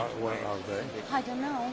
Where why are they? I don't know.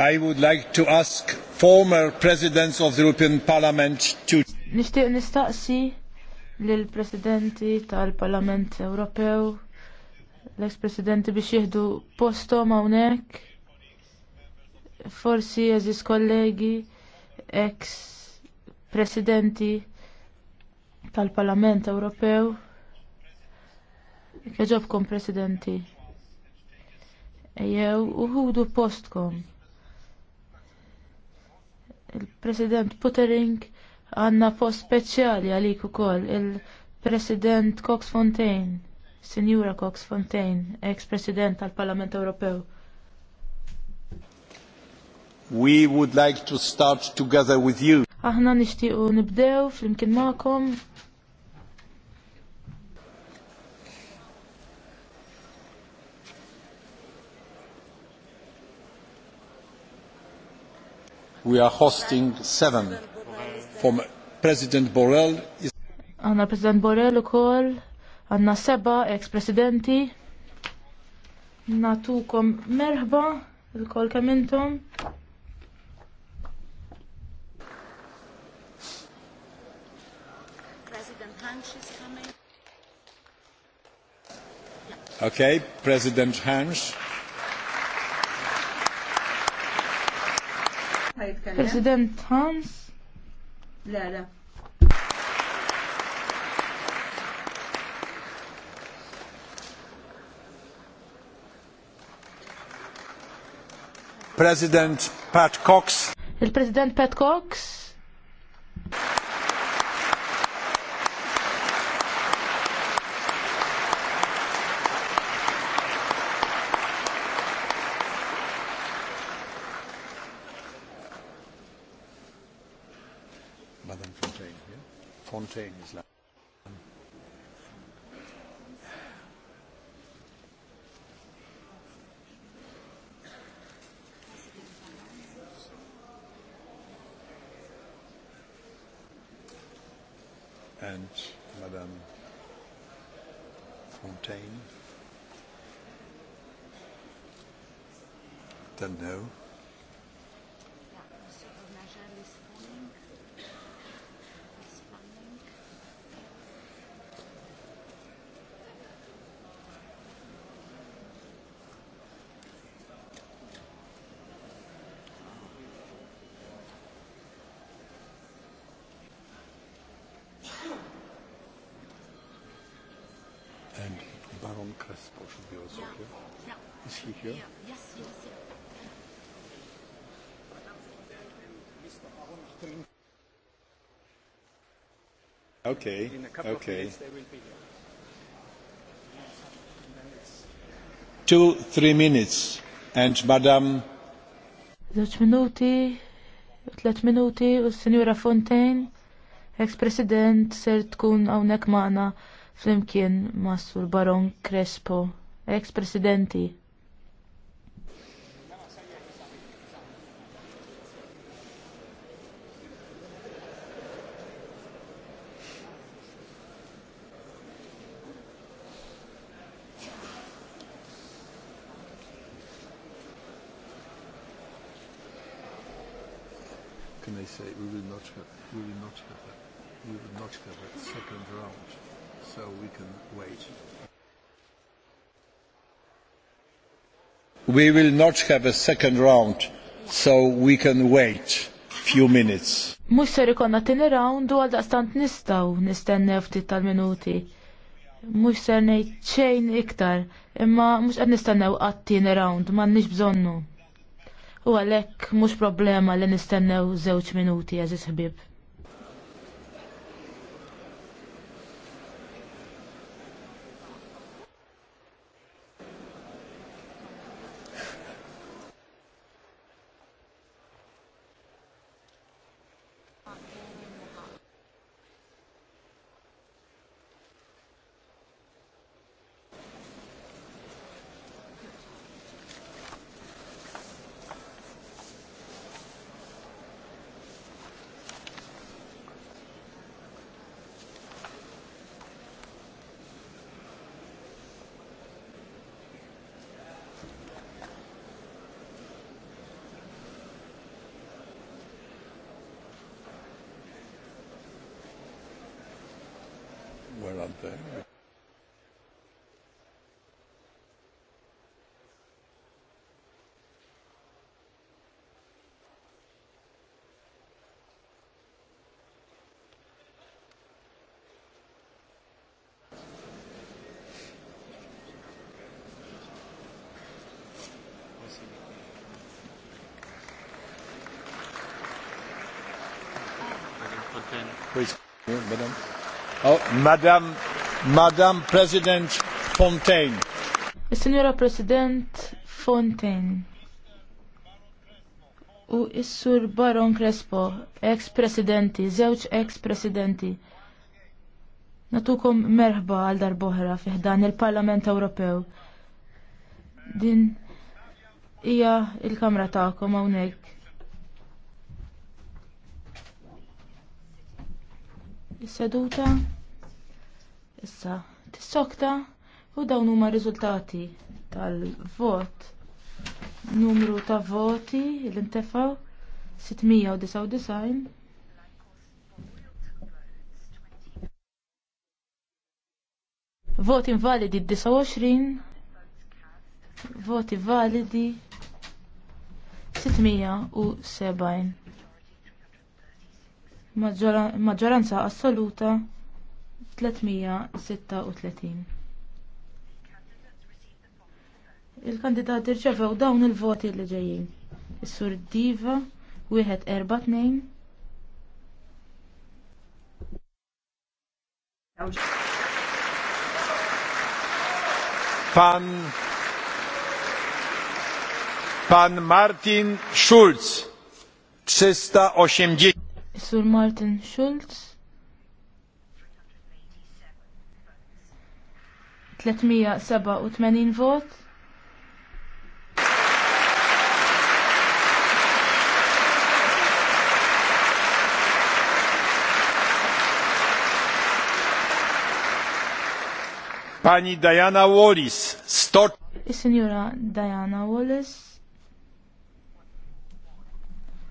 I would like to ask former presidents of the European Parliament to Nishtiq nistaqsi lill presidenti tal-Parlament Ewropew l-ex-presidenti biex jieħdu postom hawnhekk forsi eżis kollegi ex-presidenti tal-Parlament Ewropew Kħeġobkom presidenti. Ejjew, uħudu postkom il-President Puttering għanna post speċjali għalik ukoll il-President Cox Fontaine, Sinjura Cox Fontaine, ex-President tal-Parlament Ewropew. We would like to start together with you. Aħna nixtiequ nibdew flimkien magħkom we are hosting seven from President Borrell. Għanna President Borrell u koll, għanna seba ex-presidenti. Natukom merħba, il-koll kamintom. Okay, President Hansch. President Hans. Le, le. President Pat Cox. Il-President Pat Cox. Okay. In a couple okay. of minutes they will be here. Two, three minutes. And Madam... Zoċ minuti, tlet minuti, u Fontaine, ex-president, ser tkun għawnek maħna fl-imkien ma' Sur Baron Crespo, ex-presidenti. have, we will not have a, we will not have a second round, so we can wait. We will not have a second round, so we can wait few minutes. Mux ser ikonna tini round u daqstant nistaw nistennew ftit tal-minuti. Mux ser nejt xejn iktar, imma mux għad nistennew tini round, ma nix bżonnu u għalhekk mhux problema li nistennew żewġ minuti għaziz ħbib. Madam oh, President Fontaine. Signora President Fontaine. U is-sur Baron Crespo, ex-presidenti, żewġ ex-presidenti. Natukom merħba għal darboħra fiħdan il-Parlament Ewropew. Din hija il-kamra tagħkom hawnhekk is-seduta issa tissokta u dawn huma r-riżultati tal-vot numru ta' voti li ntefgħu 699 Voti invalidi 29 Voti validi 670 maġġoranza assoluta 336. Il-kandidati rċevew dawn il-voti li ġejjin. Is-sur Diva, wieħed erba' tnejn. Pan Pan Martin Schulz 380 Sur Martin Schulz 387 vot Pani Diana Wallis, stort. Is-Sinjura Diana Wallis,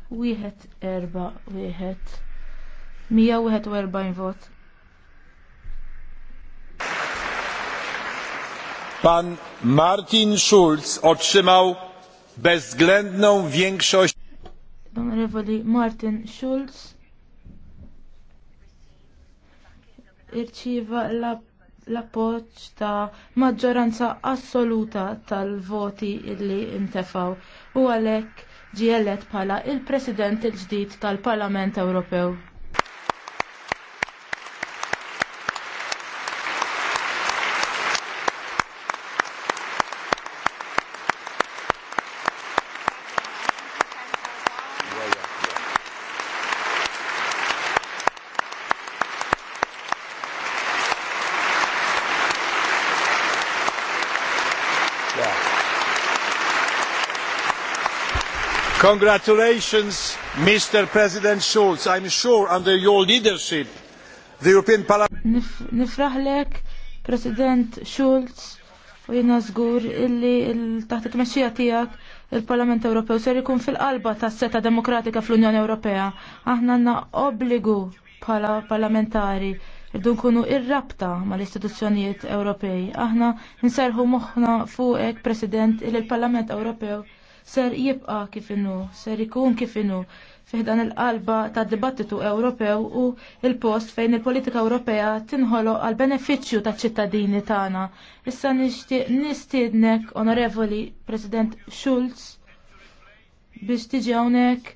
wieħed erba' wieħed 141 vot. Pan Martin Schulz otrzymał bezwzględną większość. Rewoli Martin Schulz irċiva l-appoġġ ta' maġġoranza assoluta tal-voti illi intefaw u għalhekk ġielet bħala il-President il-ġdid tal-Parlament Ewropew. Congratulations, Mr. President Schulz. I'm sure under your leadership, the European Parliament. Nifraħlek, President Schulz, u jina zgur illi taħt it-mexxija tiegħek il-Parlament Ewropew ser ikun fil-qalba tas seta demokratika fl-Unjoni Ewropea. Aħna għandna obbligu bħala parlamentari irdu nkunu ir-rabta mal-istituzzjonijiet Ewropej. Aħna nserħu moħħna fuqek, President, il-Parlament Ewropew ser jibqa' kif ser ikun kif fiħdan il-qalba ta' dibattitu Ewropew u il-post fejn il-politika Ewropea tinħolo għal beneficju ta' ċittadini tagħna. Issa nixtieq nistiednek Onorevoli President Schulz biex tiġi hawnhekk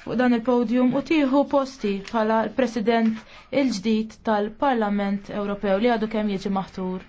fuq dan il-podium u tieħu posti bħala l-President il-ġdid tal-Parlament Ewropew li għadu kemm jiġi maħtur.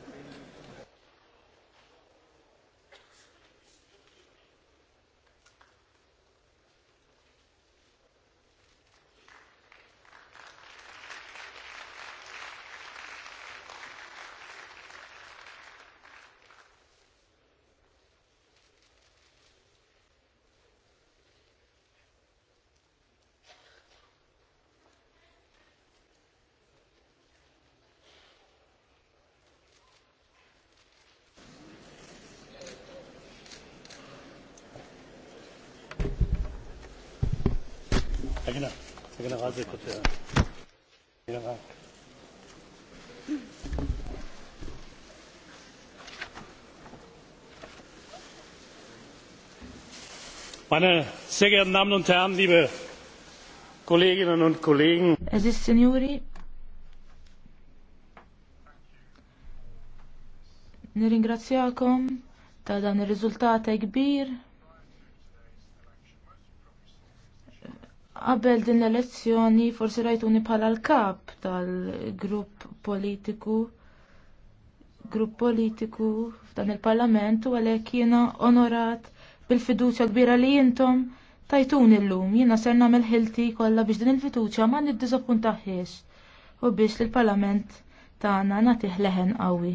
Eh. Meine sehr geehrten Damen und Herren, liebe Kolleginnen und Kollegen. Es ist Signori. Nirringrazzjakom ta' dan ir-riżultat kbir. Qabel din l-elezzjoni forsi rajtuni bħala l-kap tal-grupp politiku grupp politiku f'dan il-parlament u għalhekk jiena onorat bil-fiduċja kbira li jintom tajtuni l-lum jiena ser nagħmel ħilti kollha biex din il-fiduċja ma niddiżappuntaħiex u biex lill-parlament tagħna natiħ leħen qawwi.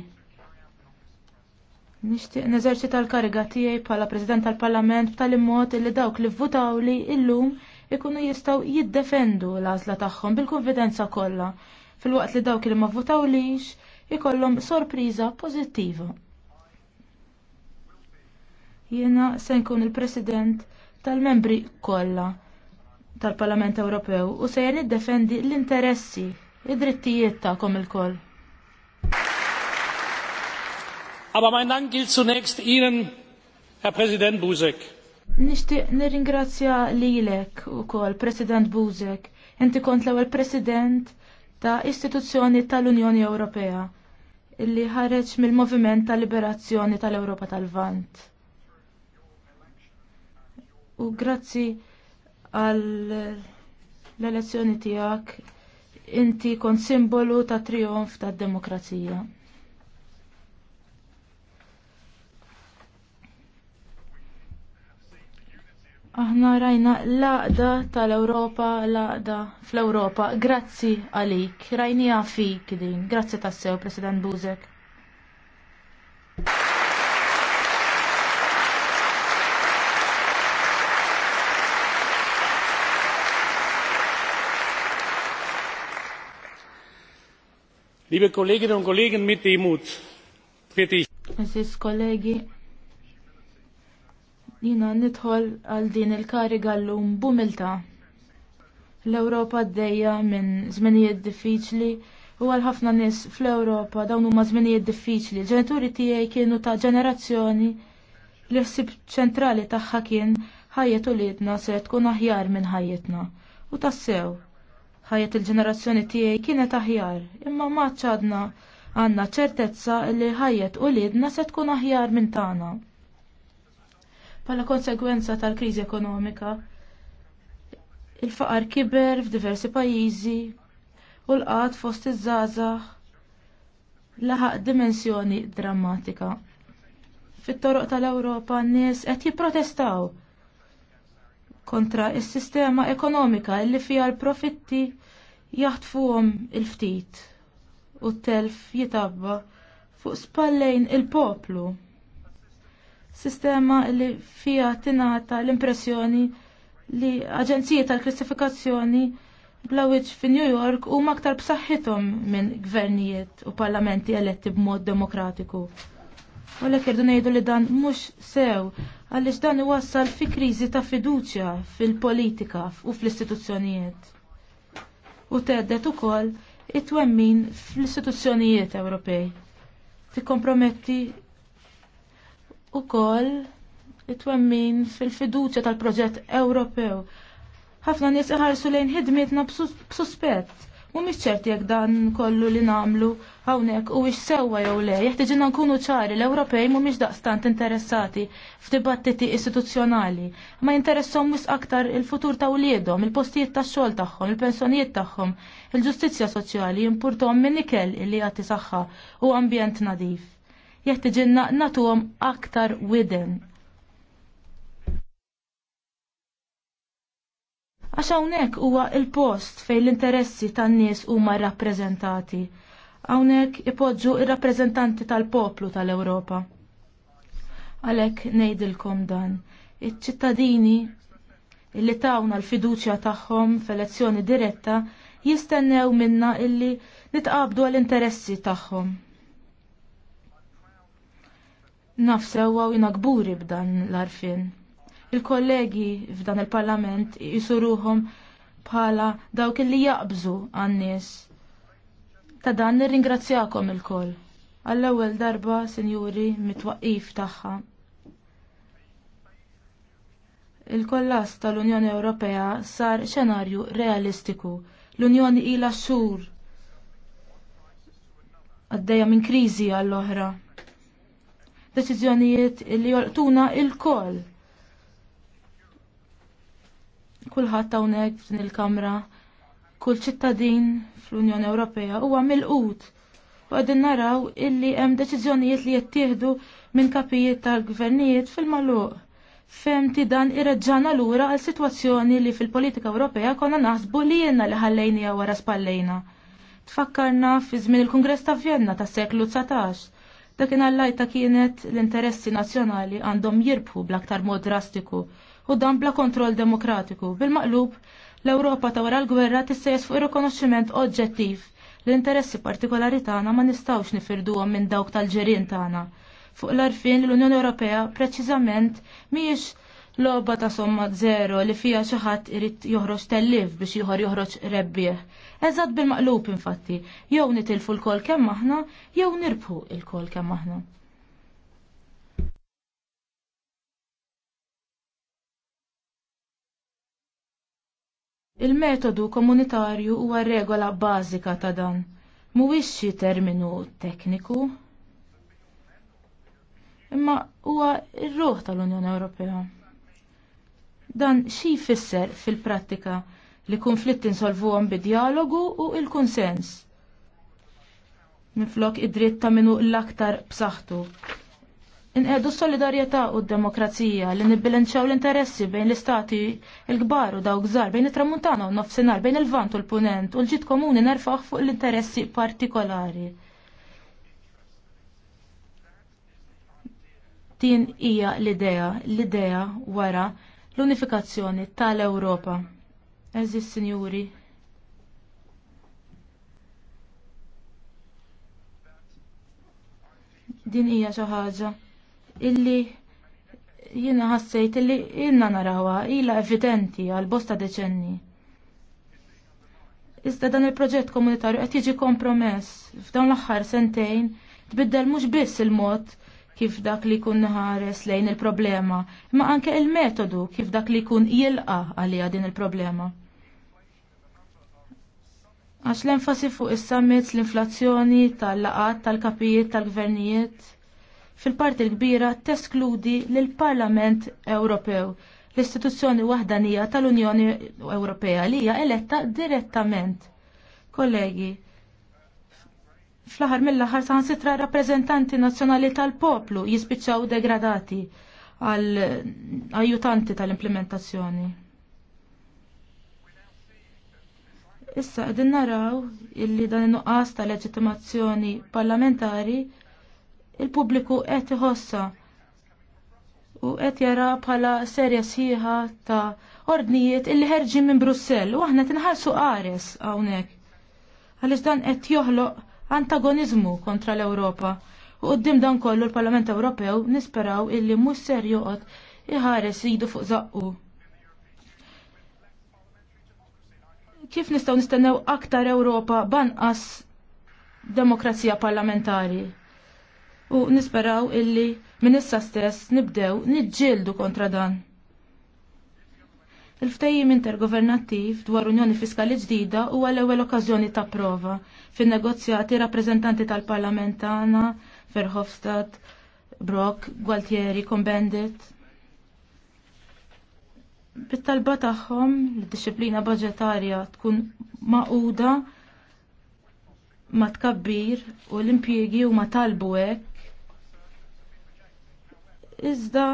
Nixtieq neżerċita l-kariga tiegħi bħala President tal-Parlament b'tali mod li dawk li vvutawli illum ikunu jistgħu jiddefendu l-għażla tagħhom bil-konfidenza kollha fil-waqt li dawk li ma votawlix ikollhom sorpriża pożittiva. Jiena se nkun il-President tal-membri kollha tal-Parlament Ewropew u se niddefendi l-interessi, id-drittijiet tagħkom ilkoll. Aber mein Dank gilt zunächst Ihnen, Herr Präsident Buzek. Nishtiq nirringrazzja lilek ukoll President Buzek. Inti kont l-ewwel President ta' istituzzjoni tal-Unjoni Ewropea illi ħareġ mill-Moviment ta' Liberazzjoni tal-Ewropa tal-Vant. U grazzi għall elezzjoni tiegħek inti kont simbolu ta' trionf tad-demokrazija. Aħna rajna laqda tal-Europa, laqda fl-Europa. Grazzi għalik, rajni fik din. Grazzi tassew, President Buzek. Liebe Kolleginnen und Kollegen, mit dem Mut, bitte ich. Es ist Kollege. Jina nidħol għal din il-kariga l-lum bumilta. L-Ewropa d-dejja minn żminijiet diffiċli u għal ħafna nis fl-Ewropa dawn huma żminijiet diffiċli. Ġenituri tiegħi kienu ta' ġenerazzjoni li ħsib ċentrali tagħha kien ħajjet uliedna se tkun aħjar minn ħajjetna. U tassew, ħajjet il-ġenerazzjoni tiegħi kienet aħjar, imma maċċadna għandna ċertezza li ħajjet lidna se tkun aħjar minn tagħna bħala konsegwenza tal-kriżi ekonomika. Il-faqar kiber f'diversi pajjiżi u l-qad fost iż-żgħażagħ laħaq dimensjoni drammatika. Fit-toroq tal-Ewropa n-nies qed jipprotestaw kontra s sistema ekonomika li fiha l-profitti jaħtfuhom il-ftit u t-telf jitabba fuq spallejn il-poplu sistema li fija tingħata l-impressjoni li aġenziji tal-klassifikazzjoni bla wiċċ fi New York huma aktar b'saħħithom minn gvernijiet u parlamenti eletti b'mod demokratiku. U l irdu ngħidu li dan mhux sew għaliex dan iwassal fi kriżi ta' fiduċja fil-politika u fl-istituzzjonijiet. U teddet ukoll it-twemmin fl-istituzzjonijiet Ewropej. Tikkomprometti ukoll it-twemmin fil-fiduċja tal-proġett Ewropew. Ħafna nies iħarsu lejn ħidmietna b'suspett. Mhumiex ċerti jekk dan kollu li nagħmlu hawnhekk huwiex sewwa jew le, jeħtieġilna nkunu ċari l-Ewropej mhumiex daqstant interessati f'dibattiti istituzzjonali, ma jinteressom wis aktar il-futur ta' wliedhom, il-postijiet tax-xogħol tagħhom, il-pensjonijiet tagħhom, il-ġustizzja soċjali jimpurtom minn ikel li jagħti saħħa u ambjent nadif jeħtiġilna natuhom aktar widen. Għax hawnhekk huwa il-post fejn l-interessi tan-nies huma rrappreżentati. Hawnhekk ipoġġu ir-rappreżentanti tal-poplu tal-Ewropa. Għalhekk ngħidilkom dan, iċ-ċittadini illi tawna l-fiduċja tagħhom f'elezzjoni diretta jistennew minna illi nitqabdu għall-interessi tagħhom nafsewa u jina b'dan l-arfin. Il-kollegi f'dan il-parlament jisuruhom bħala dawk li jaqbżu għannis. Ta' dan nirringrazzjakom il-koll. Għall-ewwel darba, sinjuri, mitwaqif tagħha. Il-kollas tal-Unjoni Ewropea sar xenarju realistiku. L-Unjoni ila xhur għaddejja minn kriżi għall-oħra deċiżjonijiet li jortuna il-kol. Kulħadd hawnhekk f'din il-Kamra, kull ċittadin fl-Unjoni Ewropea huwa milqut u għadin naraw illi hemm deċiżjonijiet li jittieħdu minn kapijiet tal-gvernijiet fil-maluq. Femti dan irreġġana lura għal sitwazzjoni li fil-politika Ewropea konna naħsbu li jenna li ħallejnija wara spallejna. Tfakkarna fi żmien il kongress ta' Vjenna tas-seklu 19 Dakin għallajta kienet l-interessi nazjonali għandhom jirbħu bl-aktar mod drastiku u dan bla kontroll demokratiku. Bil-maqlub, l-Ewropa ta' wara l-gwerra tista' fuq ir-rikonoxximent oġġettiv l-interessi partikolari tagħna ma nistgħux nifirduhom minn dawk tal-ġerien tagħna. Fuq l-arfin l-Unjoni Ewropea preċiżament mhijiex logħba ta' somma zero li fija xi ħadd irid joħroġ tellif biex ieħor joħroġ rebbieħ. Eżatt bil-maqlub infatti, jew nitilfu l-kol kemm aħna, jew nirbħu l-kol kemm aħna. Il-metodu komunitarju huwa regola bażika ta' dan. Mhuwiex xi terminu tekniku, imma huwa r-ruħ tal-Unjoni Ewropea. Dan xi jfisser fil-prattika li konflitt insolvuhom bid-dialogu u il-konsens. Minflok id-dritt ta' minu l-aktar b'saħħtu. Inqedu s-solidarjetà u d-demokrazija li nibbilanċaw l-interessi bejn l-istati il-kbar u dawk żgħar bejn it-tramuntana u nofsinhar bejn il-vant u l-punent u l-ġid komuni nerfaħ fuq l-interessi partikolari. Din hija l-idea, l-idea wara l-unifikazzjoni tal-Ewropa. Eżis, sinjuri, din hija xi ħaġa illi jiena ħassejt illi ilna narawha ilha evidenti għal bosta deċenni. Iżda dan il-proġett komunitarju qed jiġi kompromess f'dawn l-aħħar sentejn tbiddel mhux biss il-mod kif dak li kun ħares lejn il-problema, ma anke il-metodu kif dak li kun jilqa għalija din il-problema. Għax l-enfasi fuq is-summits, l-inflazzjoni, tal-laqat, tal-kapijiet, tal-gvernijiet, fil-parti l-kbira teskludi l-Parlament Ewropew, l-istituzzjoni wahdanija tal-Unjoni Ewropea li hija eletta direttament. Kollegi, fl ħar mill san saħansitra rappresentanti nazzjonali tal-poplu jispiċċaw degradati għal ajutanti tal-implementazzjoni. Issa qegħdin naraw illi dan in-nuqqas ta' leġittimazzjoni parlamentari il-pubbliku qed iħossa u qed jara bħala serja sħiħa ta' ordnijiet illi ħerġin minn Brussell u aħna tinħarsu qares hawnhekk. Għaliex dan qed joħloq antagonizmu kontra l-Ewropa. U qoddim dan kollu l-Parlament Ewropew nisperaw illi mhux ser joqgħod iħares jidu fuq zaqqu. Kif nistgħu nistennew aktar Ewropa banqas demokrazija parlamentari? U nisperaw illi minn issa stess nibdew niġġieldu kontra dan. Il-ftejjim intergovernattiv dwar Unjoni Fiskali ġdida huwa l-ewwel okkażjoni ta' prova fin-negozjati rappreżentanti tal-Parlament tagħna Verhofstadt, Brock, Gualtieri, Combendit. Bit-talba tagħhom li disciplina budġetarja tkun maquda ma tkabbir u l-impjiegi huma talbu hekk. Iżda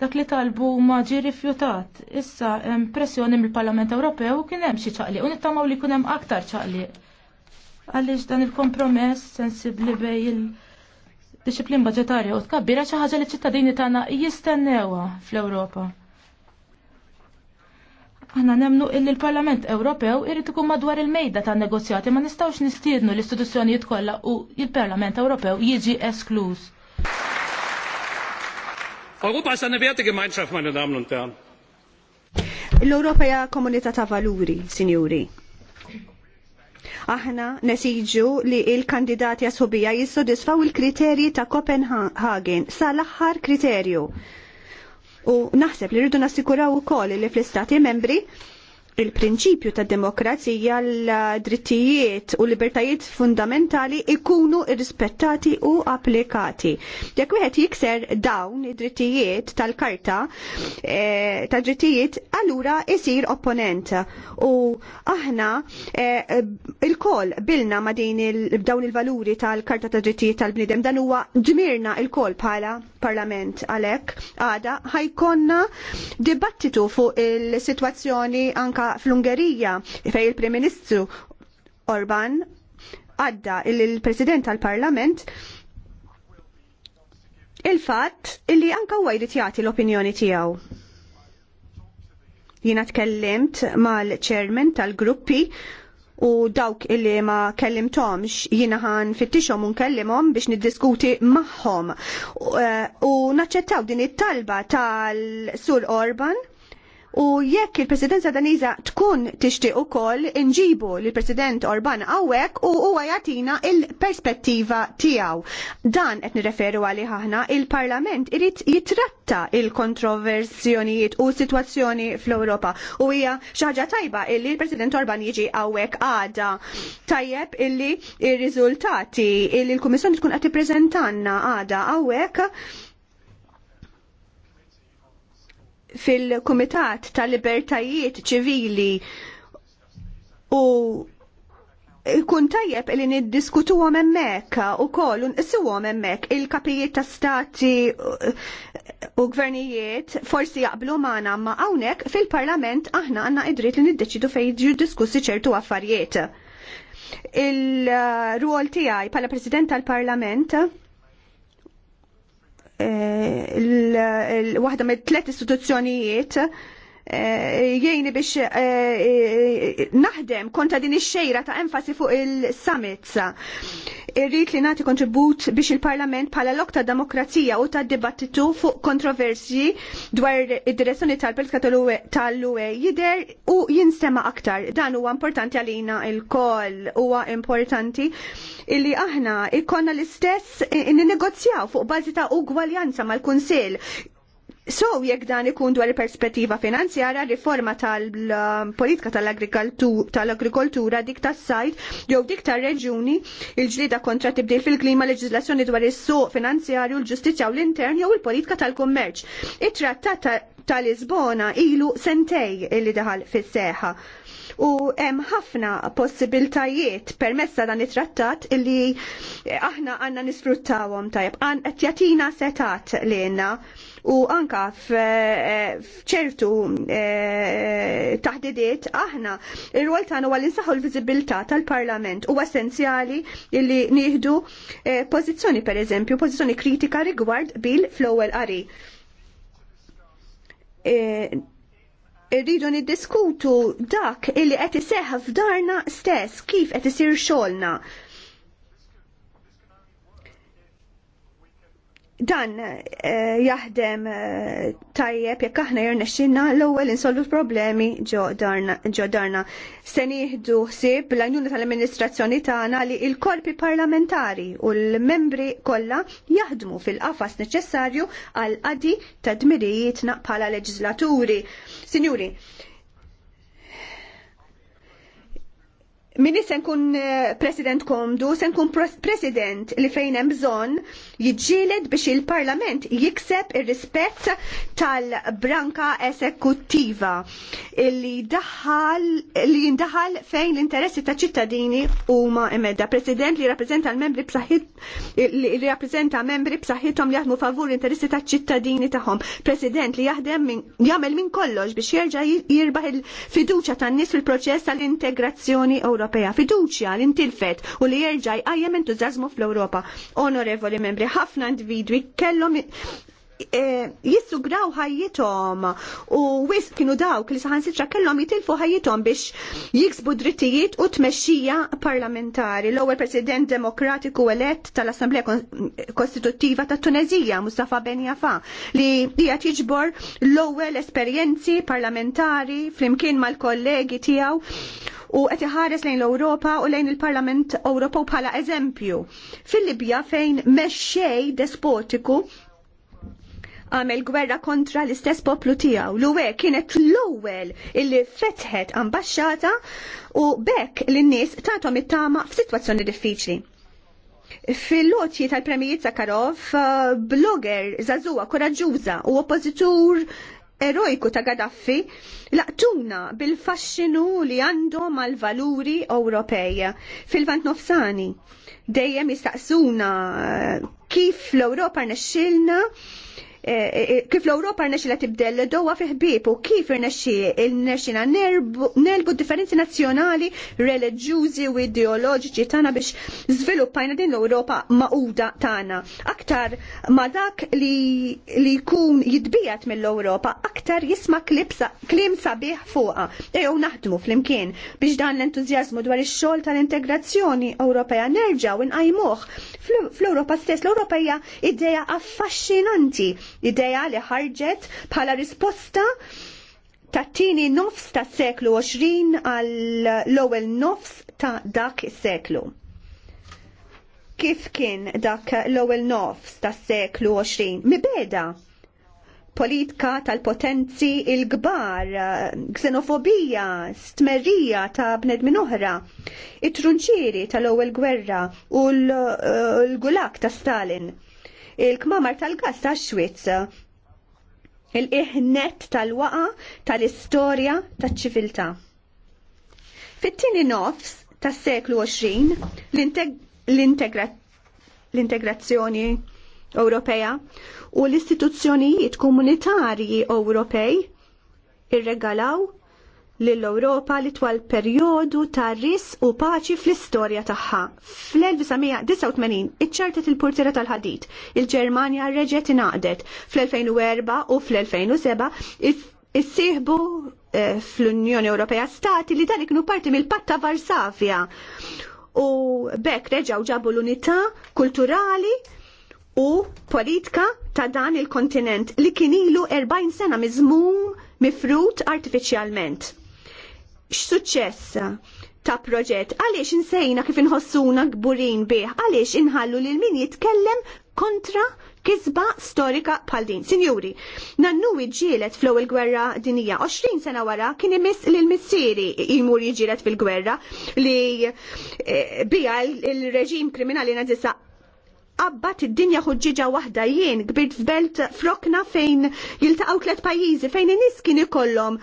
Dak li talbu ma ġi rifjutat. Issa hemm pressjoni mill-Parlament Ewropew u kien hemm xi ċaqliq u nittamaw li jkun hemm aktar ċaqliq. Għaliex dan il-kompromess sensibbli bej il-disciplin budgetarja u tkabbira xi ħaġa li ċittadini tagħna jistennewha fl-Ewropa aħna nemnu illi l-Parlament Ewropew irid ikun madwar il-mejda ta' negozjati ma nistgħux nistiednu l-istituzzjonijiet kollha u l-Parlament Ewropew jiġi esklus. Europa ist eine Wertegemeinschaft, meine Damen und Herren. L-Europa hija komunità ta' valuri, sinjuri. Aħna nesiġu li il-kandidati għasħubija jissodisfaw il-kriterji ta' Copenhagen sal-aħħar kriterju. U naħseb li rridu nassikuraw ukoll li fl-istati membri il-prinċipju ta' demokrazija l-drittijiet u libertajiet fundamentali ikunu irrispettati u applikati. Jekk wieħed jikser dawn id-drittijiet tal-karta e, eh, ta' drittijiet, allura isir opponent. U aħna e, eh, il-kol bilna ma' din il dawn il-valuri tal-karta ta' drittijiet tal-bnidem dan huwa ġmirna il-kol bħala parlament għalek għada ħajkonna dibattitu fuq il-situazzjoni anka fl-Ungerija fej il-Prim Ministru Orban għadda il-President tal-Parlament il-fatt illi anka huwa jrid jagħti l-opinjoni tiegħu. Jiena tkellimt mal-chairman tal-gruppi u dawk illi ma kellimtomx jina ħan fittixhom u nkellimhom biex niddiskuti magħhom. U eh, naċċettaw din it-talba tal-Sur Orban U jekk il-Presidenza Daniza tkun tixtieq ukoll inġibu lill-President Orban hawnhekk u huwa jagħtina il-perspettiva tiegħu. Dan qed nirreferu għalih aħna il-Parlament irid jitratta il-kontroversjonijiet u sitwazzjoni fl-Ewropa. U hija xi ħaġa tajba illi l-President Orban jiġi hawnhekk għada. Tajjeb illi ir-riżultati illi l-Kummissjoni tkun qed tippreżentanna għada hawnhekk fil-Kumitat tal-Libertajiet ċivili u kun tajjeb li niddiskutu għom emmek u koll un għom emmek il-kapijiet ta' stati u gvernijiet forsi jaqblu maħna ma' għawnek fil-parlament aħna għanna id-dritt li niddeċidu fej diskussi ċertu għaffarijiet. Il-ruol tijaj pala president tal-parlament l-waħda me tlet istituzzjonijiet eh, jgħini biex eh, eh, naħdem kontra din ix-xejra ta' enfasi fuq il-summits irrid li nagħti kontribut biex il-Parlament bħala lok ta' demokrazija u ta' dibattitu fuq kontroversji dwar id-direzzjoni tal-politika tal-UE e jider u jinstema aktar. Dan huwa importanti għalina il-koll huwa importanti illi aħna ikonna l-istess in-negozjaw fuq bażi ta' ugwaljanza mal-Kunsill So, jekk dan ikun dwar perspettiva finanzjara, riforma tal-politika tal-agrikoltura dik tas-sajt jew dik tar-reġuni, il-ġlida kontra tibdil fil-klima, leġislazzjoni dwar is-suq finanzjarju, l-ġustizzja u l-intern jew il-politika tal-kummerċ. It-trattat tal-Lisbona ilu sentej li daħal fis-seħħa. U hemm ħafna possibiltajiet permessa dan it-trattat illi aħna għandna nisfruttawhom tajjeb. Qed jagħtina setat lilna u anka eh, f'ċertu eh, taħdidiet aħna ir-rwol tagħna huwa li l-viżibilità tal-Parlament huwa essenzjali li nieħdu eh, pożizzjoni pereżempju, pożizzjoni kritika rigward bil fl-ewwel qari irridu niddiskutu dak illi qed iseħħ f'darna stess kif qed isir xogħolna dan eh, jaħdem eh, tajjeb jekk aħna jirnexxinna l-ewwel insolvu problemi ġo darna. Se nieħdu ħsieb l-għajnuna tal-amministrazzjoni tagħna li l-korpi parlamentari u l-membri kollha jaħdmu fil-qafas neċessarju għal qadi ta' dmirijietna bħala leġislaturi. Sinjuri, Minni se nkun eh, president komdu, se nkun president li fejn hemm bżonn jiġġieled biex il-Parlament jikseb ir-rispett tal-branka esekuttiva li daħal li jindaħal fejn l-interessi ta' ċittadini huma emedda. President li rappresenta l-membri b'saħħit li rappresenta membri b'saħħithom li jaħdmu favur l-interessi ta' ċittadini tagħhom. President li jaħdem jagħmel minn kollox biex jerġa' jirbaħ il-fiduċja tan-nies fil-proċess tal-integrazzjoni Ewropea. Fiduċja li ntilfet u li jerġa' jqajjem entużjażmu fl-Ewropa. Onorevoli membri, ħafna individwi kellhom E, jissugraw ħajjithom u wisq kienu dawk li saħansitra kellhom jitilfu ħajjithom biex jiksbu drittijiet u tmexxija parlamentari. L-ewwel President Demokratiku elett tal-Assembleja Kostituttiva tat Tunezija, Mustafa Ben Jafa, li qiegħed jiġbor l-ewwel esperjenzi parlamentari flimkien mal-kollegi tiegħu u qed iħares lejn l-Ewropa u lejn il-Parlament Ewropew bħala eżempju. Fil-Libja fejn mexxej despotiku għamel gwerra kontra l-istess poplu tiegħu. l uwe kienet l-ewwel illi fetħet ambasċata u bekk lin-nies tatom it-tama f'sitwazzjoni diffiċli. Fil-lotji tal-premijiet Sakarov, uh, blogger zazuwa koraġuża u oppożitur erojku ta' Gaddafi laqtuna bil-fasċinu li għandhom għal valuri Ewropej. Fil-vant nofsani, dejjem jistaqsuna uh, kif l-Ewropa nexxilna Eh, eh, eh, kif l-Europa rnexxila tibdel dowa fi ħbieb u kif l-nexxina nelbu differenzi nazzjonali, reliġjużi u ideoloġiċi tagħna biex żviluppajna din l-Ewropa maquda tagħna. Aktar ma dak li jkun jitbijat mill-Ewropa, aktar jisma klim sabiħ fuqha. Ejjew naħdmu flimkien biex dan l-entużjażmu dwar ix-xogħol tal-integrazzjoni Ewropea nerġgħu inqajmuh fl-Ewropa stess. L-Ewropa hija idea affaxxinanti ideja li ħarġet bħala risposta tat-tieni nofs tas seklu 20 għal l-ewwel nofs ta' dak is-seklu. Kif kien dak l-ewwel nofs tas seklu 20? Mibeda politika tal-potenzi il-gbar, ksenofobija, stmerija ta' bnedmin oħra, it-trunċieri tal-ewwel gwerra u eh, l-gulag ta' Stalin il-kmamar tal-gas tax-Xwitz il-iħnet tal-waqa tal-istorja taċ-ċiviltà. Fit-tieni nofs tas-seklu 20 l-integrazzjoni Ewropea u l-istituzzjonijiet komunitarji Ewropej irregalaw lill-Ewropa li twal perjodu ta' ris u paċi fl-istorja tagħha. Fl-1989 iċċertet il-portira tal-ħadid, il-Ġermanja reġet ingħaqdet. Fl-2004 u fl-2007 issieħbu eh, fl-Unjoni Ewropea stati li dan iknu parti mill-Patta Varsavja. U bekk reġgħu ġabu l-unità kulturali u politika ta' dan il-kontinent li kien ilu 40 sena miżmum mifrut artifiċjalment x'suċċess ta' proġett, għaliex insejna kif inħossuna gburin bih, għaliex inħallu lil min jitkellem kontra kisba storika bħal din. Sinjuri, nannu ġielet flow il-gwerra dinija. 20 sena wara kien imiss lil missieri jmur jiġielet fil-gwerra li eh, bija il-reġim kriminali nazista abbat id-dinja ħuġġiġa waħda jien kbirt f'belt frokna fejn jiltaqgħu tliet pajjiżi fejn in-nies kien ikollhom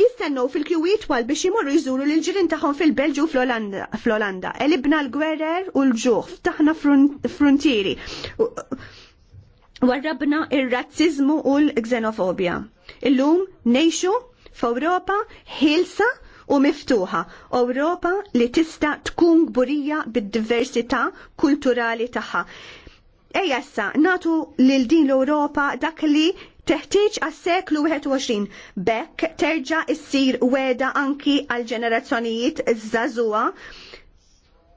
jistennew fil-kju twal biex imorru jżuru lil ġirien tagħhom fil-Belġu fl-Olanda. Elibna l-gwerer u l-ġuħ, ftaħna fruntieri. Warrabna ir-razziżmu u l-xenofobja. Illum nejxu f'Ewropa ħilsa u miftuħa. Ewropa li tista' tkun gburija bid-diversità kulturali tagħha sa natu lil din l-Europa dak li teħtieġ għas-seklu 21 bekk terġa' issir weda anki għal ġenerazzjonijiet żagħżugħa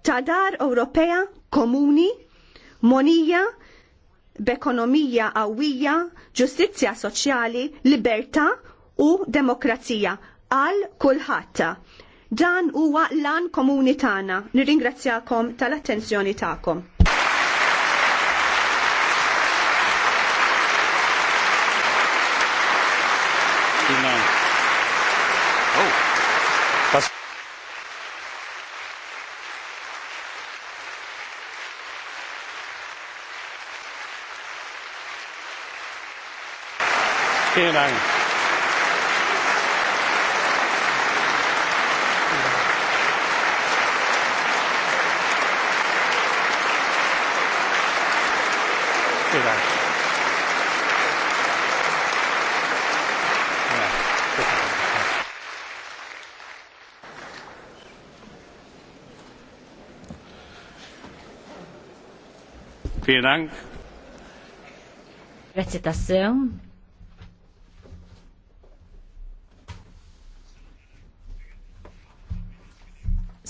ta' dar Ewropea komuni, monija, b'ekonomija qawwija, ġustizzja soċjali, libertà u demokrazija għal kulħadd. Dan huwa lan komuni tagħna. Nirringrazzjakom tal-attenzjoni tagħkom. Vielen Dank. Vielen Dank. Grazie tassew.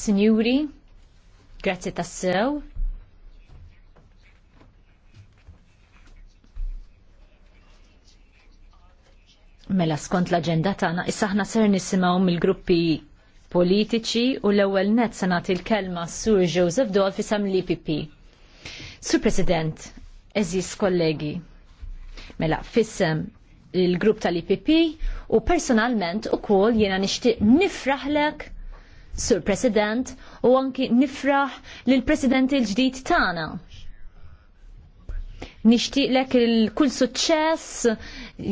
Sinjuri, grazie tassew. Mela skont l-agenda tagħna, issa aħna ser nisimgħu mill-gruppi politiċi u l-ewwel net se nagħti l-kelma Sur Joseph Dol sam l-IPP. Sur President, eżis kollegi, mela fissem il-grupp tal-IPP u personalment ukoll jiena nixtieq nifraħlek Sur President, u anki nifraħ lill president il-ġdid tagħna. Nixtieqlek il-kull suċċess,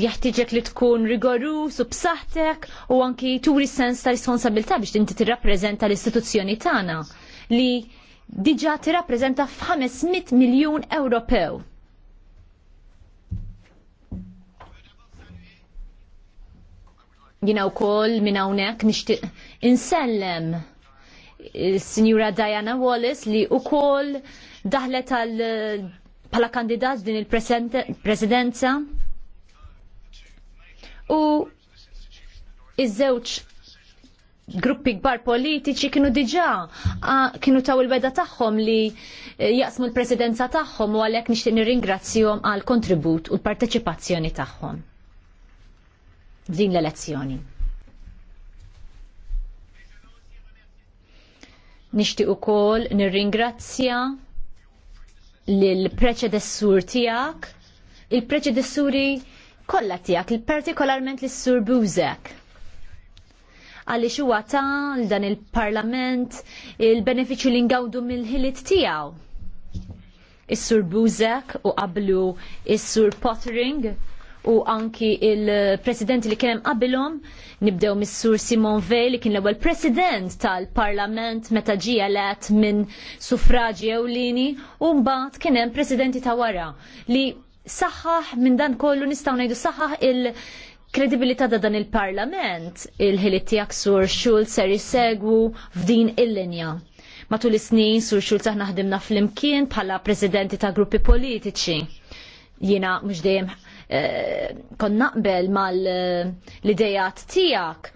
jeħtieġek li tkun rigorus u b'saħħtek u anki turi sens ta' responsabilità biex inti tirrappreżenta l-istituzzjoni tagħna li diġà tirrappreżenta f'500 miljun Ewropew. Jina u koll minn hawnhekk nixtieq insellem eh, sinjura Diana Wallace li u koll daħlet għal pala eh, kandidat din il-presidenza u iż-żewġ gruppi kbar politiċi kienu diġa kienu taw il-beda tagħhom li eh, jaqsmu l-presidenza tagħhom u għalhekk nixtieq nirringrazzjahom għal kontribut u l-parteċipazzjoni tagħhom din l-elezzjoni. Nishtiq u kol nirringrazzja l-preċedessur tijak, il-preċedessuri kolla tijak, il-partikolarment l-sur Buzek. Għalli xuwa ta' l-dan il-parlament il-beneficju li ngawdu mill-ħilit tijaw. Is-sur Buzek u qablu is-sur Pottering u anki il-presidenti li kienem qabilhom nibdew mis-sur Simon Veil li kien l-ewwel president tal-Parlament meta ġie elett minn suffraġi ewlieni u mbagħad kien hemm presidenti ta' wara li saħħaħ minn dan kollu nistgħu ngħidu saħħaħ il- kredibilità ta' dan il-parlament, il-ħiliet tiegħek sur xul ser jissegwu f'din il-linja. Matul is-snin sur xul taħna ħdimna fl-imkien bħala presidenti ta' gruppi politiċi. Jiena mhux dejjem Eh, kon naqbel mal-idejat eh, tiegħek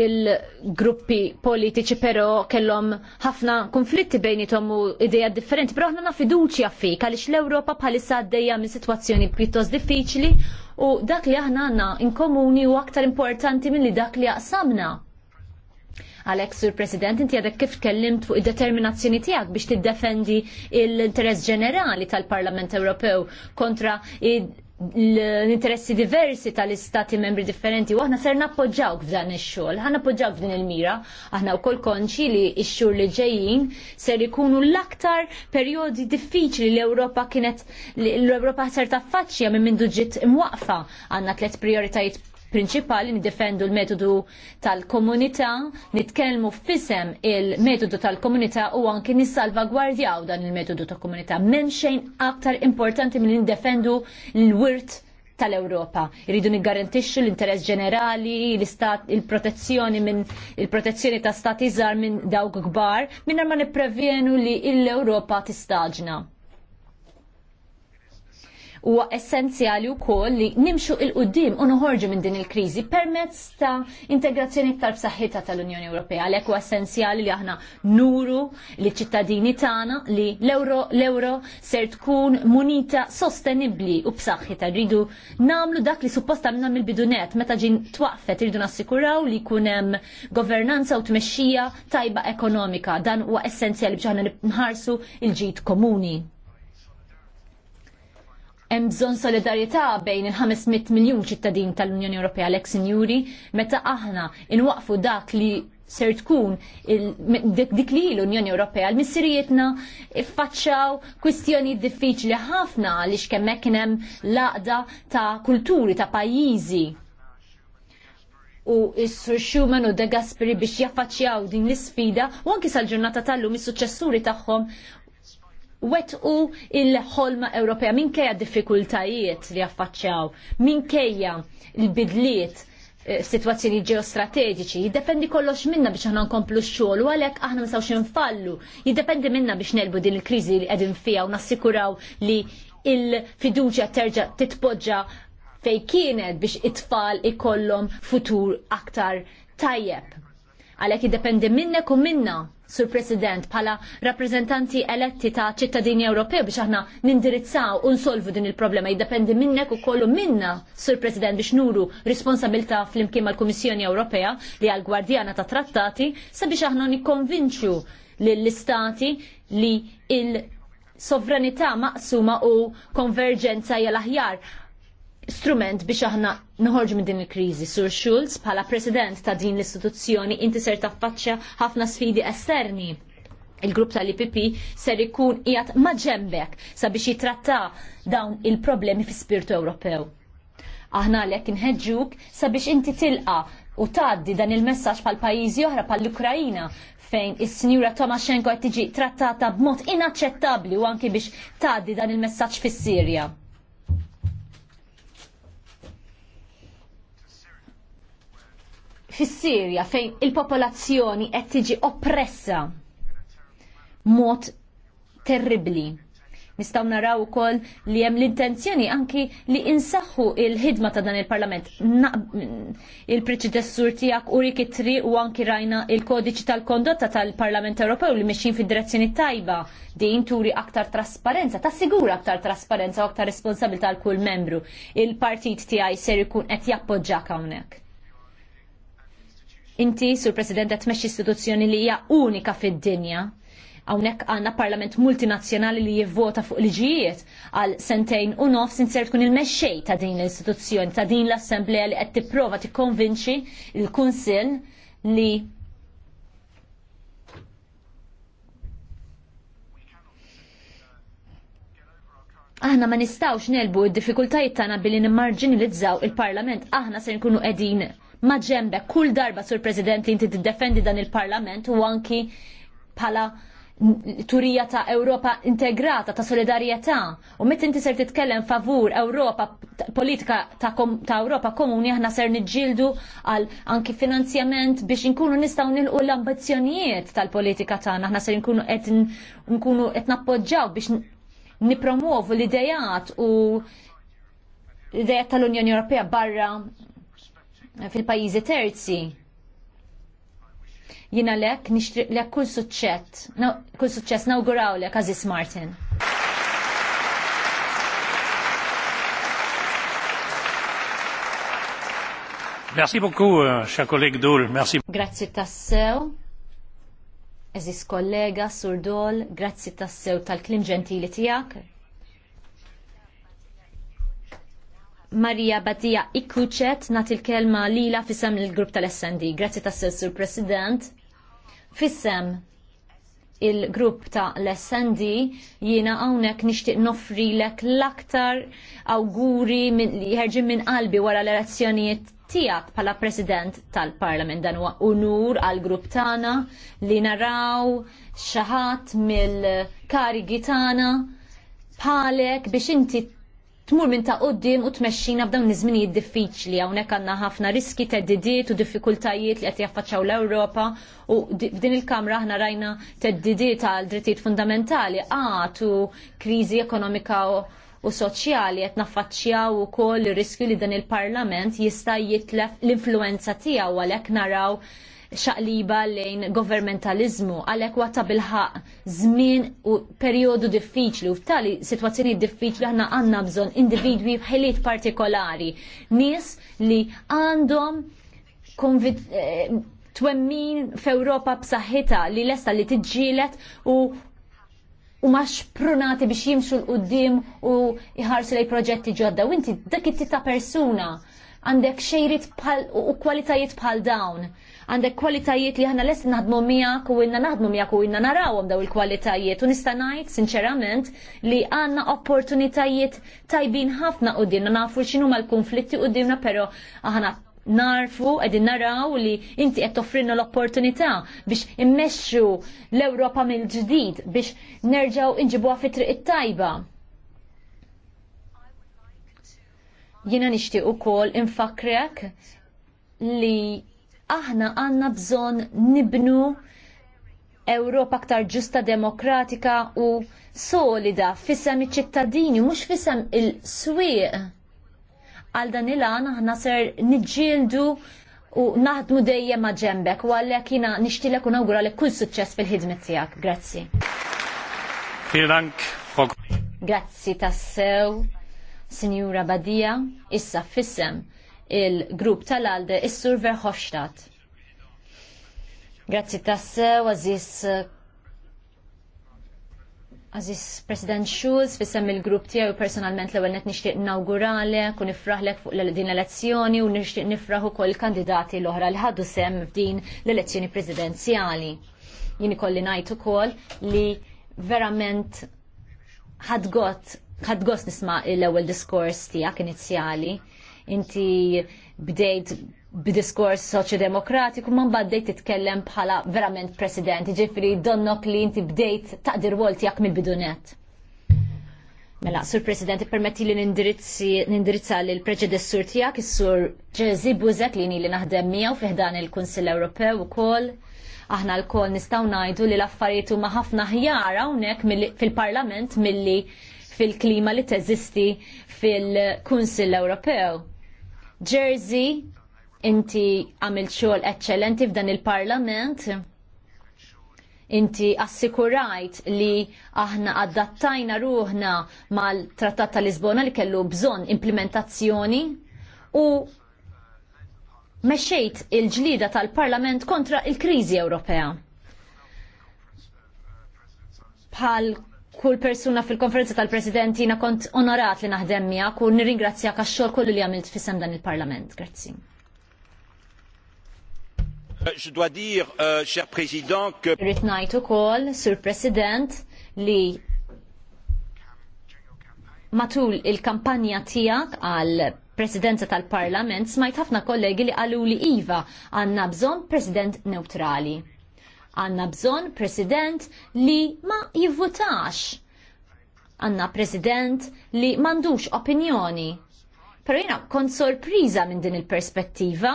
il-gruppi politiċi però kellhom ħafna konflitti bejnietom u ideja differenti, pero aħna fiduċja fik għaliex l-Ewropa bħalissa għaddejja minn sitwazzjoni pjuttost diffiċli u dak li aħna għandna in komuni u aktar importanti milli dak li jaqsamna. Alex, Sur President, inti għadek kif kellimt fuq id-determinazzjoni tiegħek biex tiddefendi l-interess ġenerali tal-Parlament Ewropew kontra l-interessi diversi tal-istati membri differenti u aħna ser nappoġġawk f'dan ix-xogħol, ħana nappoġġaw f'din il-mira, aħna wkoll konxi li x-xhur li ġejjin ser ikunu l-aktar perjodi diffiċli li Ewropa kienet l-Ewropa ser taffaċċja minn mindu ġiet imwaqfa għandna tliet prioritajiet prinċipali nidefendu l-metodu tal-komunità, nitkellmu f'isem il-metodu tal-komunità u anki nissalvagwardjaw dan il-metodu tal-komunità. M'hemm xejn aktar importanti minn nidefendu l-wirt tal-Ewropa. Irridu niggarantixxu l-interess ġenerali, l-istat, il-protezzjoni minn il-protezzjoni ta' stati żgħar minn dawk kbar, minn ma nipprevjenu li l-Ewropa tistaġna huwa essenzjali wkoll li nimxu il-qudiem u noħorġu minn din il-kriżi permezz ta' integrazzjoni iktar b'saħħitha tal-Unjoni Ewropea. Għalhekk huwa essenzjali li aħna nuru li ċittadini tagħna li l-euro l-euro ser tkun munita sostenibbli u b'saħħitha rridu nagħmlu dak li suppost għamilna mill net meta ġin twaqfet irridu nassikuraw li jkun hemm governanza u tmexxija tajba ekonomika. Dan huwa essenzjali biex aħna nħarsu il-ġid komuni hemm bżonn solidarjetà bejn il-500 miljun ċittadin tal-Unjoni Ewropea lek sinjuri meta aħna inwaqfu dak li ser tkun dik li l-Unjoni Ewropea l-missirietna iffaċċaw kwistjoni diffiċli ħafna li xkemm hekk hemm laqda ta' kulturi ta' pajjiżi u s-Sur Schumann u De Gasperi biex jaffaċċjaw din l-isfida u anki sal-ġurnata tal-lum is-suċessuri tagħhom wetqu il-ħolma Ewropea minkejja diffikultajiet li affaċċjaw, minkejja il-bidliet eh, situazzjoni ġeostrateġiċi, jiddependi kollox minna biex aħna nkomplu x-xogħol u għalhekk aħna mistgħux infallu. Jiddependi minna biex nelbu din il-kriżi li qegħdin fiha u nassikuraw li il-fiduċja terġa' titpoġġa fej kienet biex it-tfal ikollhom futur aktar tajjeb. Għalhekk jiddependi minnek u minna Sur President, pala rappresentanti eletti ta' ċittadini Ewropew biex aħna nindirizzaw u nsolvu din il-problema jiddependi minnek u kollu minna, Sur President, biex nuru responsabilta fl-imkien mal-Kummissjoni Ewropea li għal-Gwardjana ta' Trattati sabiex aħna nikkonvinċu lill-istati li il- sovranità maqsuma u konverġenza jgħal aħjar strument biex aħna nħorġu minn din il-kriżi. Sur Schulz bħala president ta' din l-istituzzjoni inti ser taffaċċja ħafna sfidi esterni. Il-grupp tal-IPP ser ikun qiegħed maġembek sabiex jitratta dawn il-problemi fi spirtu Ewropew. Aħna għalhekk inħeġġuk sabiex inti tilqa' u taddi dan il-messaġġ pal pajjiżi oħra pal ukraina fejn is-Sinjura Tomashenko qed tiġi trattata b'mod inaċċettabbli u anki biex taddi dan il-messaġġ fis-Sirja. fis-Sirja fejn il-popolazzjoni qed tiġi oppressa mod terribli. Nistgħu naraw ukoll li hemm l-intenzjoni anki li insaħħu il-ħidma ta' dan il-Parlament. Il-preċedessur tiegħek u it-triq u anki rajna il-kodiċi tal-kondotta tal-Parlament Ewropew li mexxin fid-direzzjoni tajba din turi aktar trasparenza, ta' sigura aktar trasparenza u aktar responsabilità għal kull membru. Il-partit tiegħi ser ikun qed jappoġġak hawnhekk. Inti, sur President, qed tmexxi istituzzjoni li hija unika fid-dinja. Hawnhekk għandna parlament multinazzjonali li jivvota fuq liġijiet għal sentejn u nofs inser tkun il-mexxej ta' din l-istituzzjoni, ta' din l-assembleja li qed tipprova tikkonvinċi il-Kunsill li aħna ma nistawx nelbu id-diffikultajiet tagħna billi nimmarġinilizzaw il-Parlament, aħna se nkunu qegħdin ma' ġembek kull darba sur President li inti tiddefendi dan il-Parlament u anki bħala turija ta' Ewropa integrata, ta' solidarjetà. U mitt inti ser titkellem favur Ewropa, politika ta', kom, ta Ewropa komuni, aħna ser nġildu għal anki finanzjament biex nkunu nistaw nilqu l-ambizjonijiet tal-politika tagħna, aħna ser nkunu qed nkunu qed nappoġġaw biex nipromuovu l-idejat u l-idejat tal-Unjoni Ewropea barra fil-pajizi terzi. Jina lek, nixtriq lek kull suċċett, kull suċċess nawguraw lek, Aziz Martin. Merci beaucoup, euh, cher collègue Dole. Merci. Grazie tassew. Eżis kollega, Sur Dol, grazie tassew tal-klim ġentili tijak, Marija Batija Ikuċet nat il-kelma lila fissem il-grupp tal-SND. Grazzi ta' Sur President. Fissem il-grupp tal l-SND jiena għawnek nishtiq nofri lek l-aktar auguri li ħerġin minn qalbi wara l-elezzjonijiet tijak pala president tal-parlament dan huwa unur għal grupp tana li naraw xaħat mill-karigi tana palek biex inti tmur minn ta' qoddim u tmexxina f'dawn iż-żminijiet diffiċli hawnhekk għandna ħafna riski teddidiet u diffikultajiet li qed jaffaċċaw l-Ewropa u f'din il-Kamra aħna rajna teddidiet għal drittijiet fundamentali għatu kriżi ekonomika u soċjali qed naffaċċjaw ukoll ir-riskju li dan il-Parlament jista' jitlef l-influenza tiegħu għalhekk naraw xaqliba lejn governmentalizmu għalhekk waqta bilħaq żmien u perjodu diffiċli u f'tali situazzjoni diffiċli aħna għandna bżonn individwi b'ħiliet partikolari, nies li għandhom eh, twemmin f'Ewropa b'saħħitha li lesta li tiġġielet u u ma prunati biex jimxu l-qoddim u jħarsu lej proġetti ġodda. U inti dak it tita persuna għandek xejrit u kwalitajiet bħal dawn għandek kwalitajiet li ħana lest naħdmu miegħek u inna naħdmu miegħek u inna narawhom daw il-kwalitajiet u nista' ngħid sinċerament li għandna opportunitajiet tajbin ħafna dinna nafu x'inhu mal-konflitti dinna pero aħna narfu edin naraw li inti qed toffrinna l-opportunità biex immexxu l-Ewropa mill-ġdid biex nerġgħu inġibuha fi triq it-tajba. Jiena nixtieq ukoll infakrek li aħna għandna bżonn nibnu Ewropa aktar ġusta demokratika u solida fissam iċ-ċittadini mhux fissam il-swieq. Għal dan il-għan aħna ser niġġieldu u naħdmu dejjem ma' ġembek u għallek jina nishtilek u li kull suċċess fil-ħidmet tiegħek. Grazzi. Grazzi tassew, Sinjura Badija, issa fissem il-grupp tal-Alde, is-Sur Verhofstadt. Grazzi tassew, għaziz Aziz President Schulz, fissem il-grupp tiegħu personalment l-ewwel qed nixtieq nawguralek u nifraħlek fuq din l-elezzjoni u nixtieq nifraħ ukoll kandidati l-oħra li ħaddu sem f'din l-elezzjoni presidenzjali. Jien ikolli ngħid ukoll li verament ħadgot ħadgot nisma' l-ewwel diskors tiegħek inizjali inti bdejt b'diskors soċjodemokratiku man baddejt titkellem bħala verament president, ġifri donnok li inti bdejt taqdir volti jak mill-bidunet. Mela, sur president, permetti li nindirizza li l-preġedessur tijak, sur ġezi buzet li nili naħdem miegħu fiħdan il-Kunsill Ewropew u kol. Aħna l-kol nistaw najdu li l-affarijiet huma ħafna ħjara hawnhekk fil-Parlament milli fil-klima li teżisti fil-Kunsill Ewropew. Jersey, inti għamil xogħol eċċellenti f'dan il-Parlament, inti assikurajt li aħna adattajna ruħna mal-Trattat ta' Lisbona li kellu bżonn implementazzjoni u mexxejt il-ġlida tal-Parlament kontra il-kriżi Ewropea. Pal kull persuna fil-konferenza tal-presidenti jina kont onorat li naħdem miegħek u nirringrazzjak għax-xogħol kollu li għamilt fis-sem dan il-Parlament. Grazzi. Euh, je dois dire, euh, cher président, que... Rrit ukoll, sur president, li matul il-kampanja tiegħek għal presidenza tal-parlament smajt ħafna kollegi li qalu li Iva għandna bżonn president neutrali. Għanna bżon president li ma jivvutax. Għanna president li mandux opinjoni. Pero jina kont sorpriza minn din il-perspettiva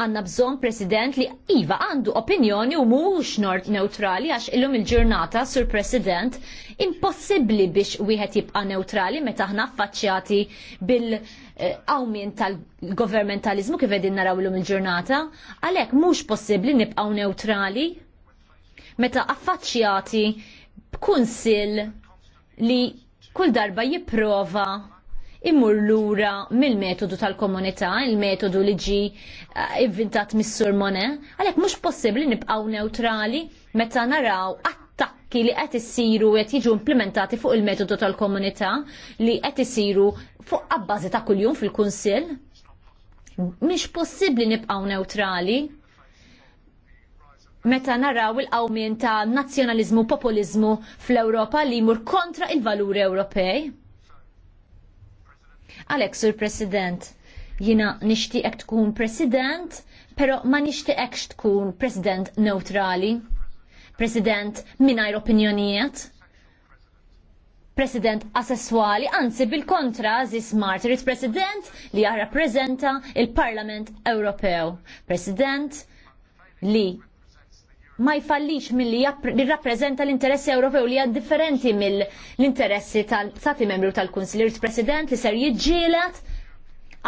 għanna bżon president li Iva għandu opinjoni u mux nord neutrali għax illum il-ġurnata sur president impossibli biex wieħed jibqa neutrali meta ħna affaċċjati bil-għawmin tal-governmentalizmu kif qegħdin naraw illum il-ġurnata għalhekk mhux possibbli nibqgħu neutrali meta affaċċjati b'kunsill li kull darba jipprova imur lura mill-metodu tal-komunità, il-metodu li ġi eh, inventat mis-sur Monet, għalhekk mhux possibbli nibqgħu neutrali meta naraw attakki li qed issiru qed jiġu implementati fuq il-metodu tal-komunità li qed isiru fuq abbażi ta' kuljum fil-Kunsill. Mhix possibbli nibqgħu neutrali meta naraw il-qawmien ta' nazzjonalizmu populizmu fl-Ewropa li jmur kontra il-valuri Ewropej. Għalek, sur president, jina nishtiqek tkun president, pero ma nishtiqekx tkun president neutrali. President minajr opinjonijiet. President asessuali, anzi bil-kontra, zis martirit president li jarrapprezenta il-Parlament Ewropew. President li ma jfallix mill-li jirrapprezenta l-interessi Ewropew li għad differenti mill-interessi tal sati membru tal-Kunsilir President li ser jiġġielet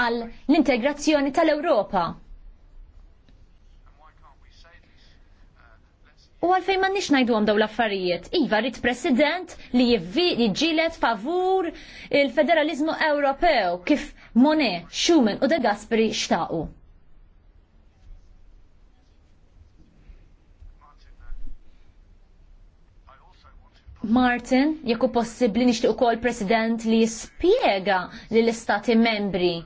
għal l-integrazzjoni tal-Ewropa. U għalfejn ma nix najdu għom daw l-affarijiet. Iva, rrit president li jġilet favur il-federalizmu Ewropew kif Monet, Schumann u De Gasperi xtaqu. Martin, jekku possibli nixtieq ukoll President li jispjega lill istati membri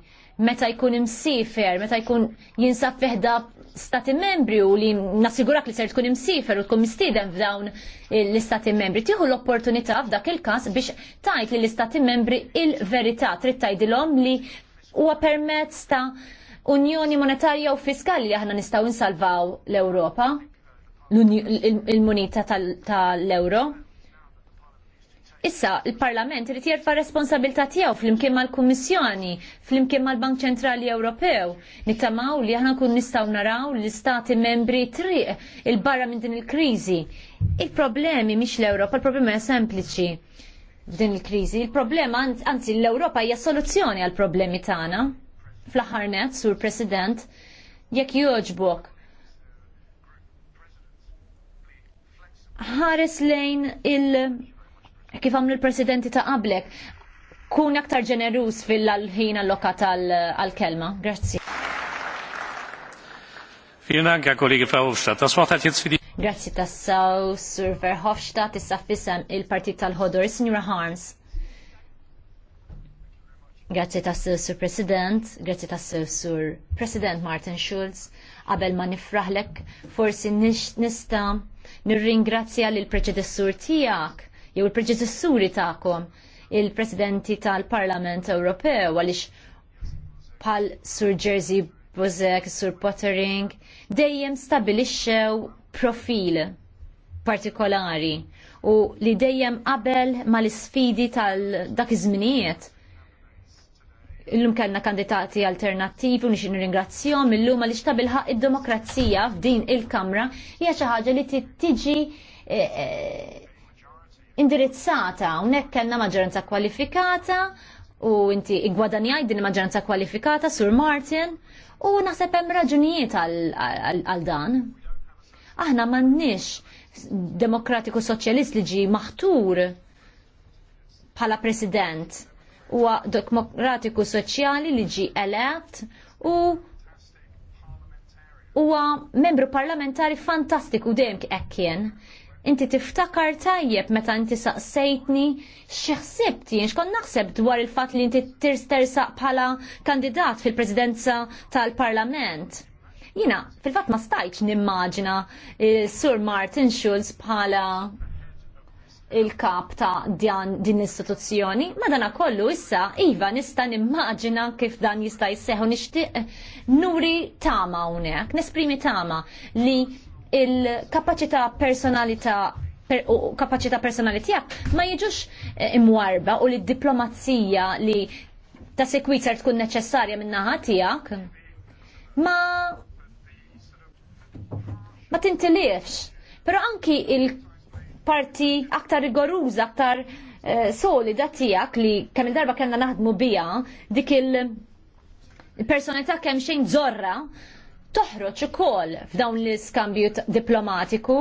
meta jkun imsifer, meta jkun jinsab fiħda stati membri u li nasigurak li ser tkun imsifer u tkun mistieden f'dawn l-istati membri. Tieħu l-opportunità f'dak il-każ biex tajt li l-istati membri il-verità trid tgħidilhom li huwa permezz ta' unjoni monetarja u fiskali li aħna nistgħu nsalvaw l-Ewropa, il-munita tal-euro. Issa, il-Parlament irid imkien responsabilità tiegħu flimkien mal-Kummissjoni, flimkien mal-Bank Centrali Ewropew. Nittamaw li aħna kun nistgħu naraw l-istati membri triq il-barra minn din il-kriżi. Il-problemi mhix l-Ewropa, il-problema hija sempliċi f'din il-kriżi. Il-problema anzi l-Ewropa hija soluzzjoni għal problemi tagħna. Fl-aħħar net, Sur President, jekk jogħġbok. Ħares lejn il- kif għamlu l-presidenti ta' qablek. Kun aktar ġenerus fil-ħin allokat għal-kelma. Grazzi. Vielen Dank, Herr Kollege Hofstadt Das Wort t-jitzfidi. Grazzi ta' Grazzi Sur Verhofstadt, issa fissem il-partit tal-ħodur, Signora Harms. Grazzi tassaw, Sur President, grazzi tassaw, Sur President Martin Schulz. Qabel ma nifraħlek, forsi nista nirringrazzja l-preċedessur tijak jew il preċessuri tagħkom il-presidenti tal-Parlament Ewropew għaliex bħal Sur Jersey Bozek, Sur Pottering, dejjem stabilixxew profil partikolari u li dejjem qabel mal-isfidi tal-dak iż-żminijiet illum kellna kandidati alternattivi u nixinu ringrazzjom illum għal ixtabilħa id-demokrazija f'din il-Kamra hija xi ħaġa li tiġi eh, eh, indirizzata, unek kellna maġġoranza kwalifikata u inti igwadanjaj din maġġoranza kwalifikata sur Martin u naħseb hemm raġunijiet għal dan. Aħna m'għandniex demokratiku soċjalist li ġi maħtur bħala president huwa demokratiku soċjali li ġi elett u huwa membru parlamentari fantastiku dejjem hekk kien. Inti tiftakar tajjeb meta inti saqsejtni x'ħsibti x'kon naħseb dwar il-fatt li inti tirsaq bħala kandidat fil-Presidenza tal-Parlament. Jina, fil-fatt ma stajċ nimmaġina eh, Sur Martin Schulz bħala il-kap ta' dian din istituzzjoni, dana kollu issa iva nista' nimmaġina kif dan jista' jisseħu nixtieq nuri tama unek, nesprimi tama li il-kapacità personalità per, u kapacità personali tiegħek ma jiġux eh, imwarba u li diplomazija li ta' sekwizza tkun neċessarja minn naħa tiegħek ma ma tintilifx. Però anki il-parti aktar rigoruża, aktar eh, solida tiegħek li kemm il-darba kellna naħdmu biha dik il-personalità kemm xejn zorra toħroġ ukoll f'dawn l-iskambju diplomatiku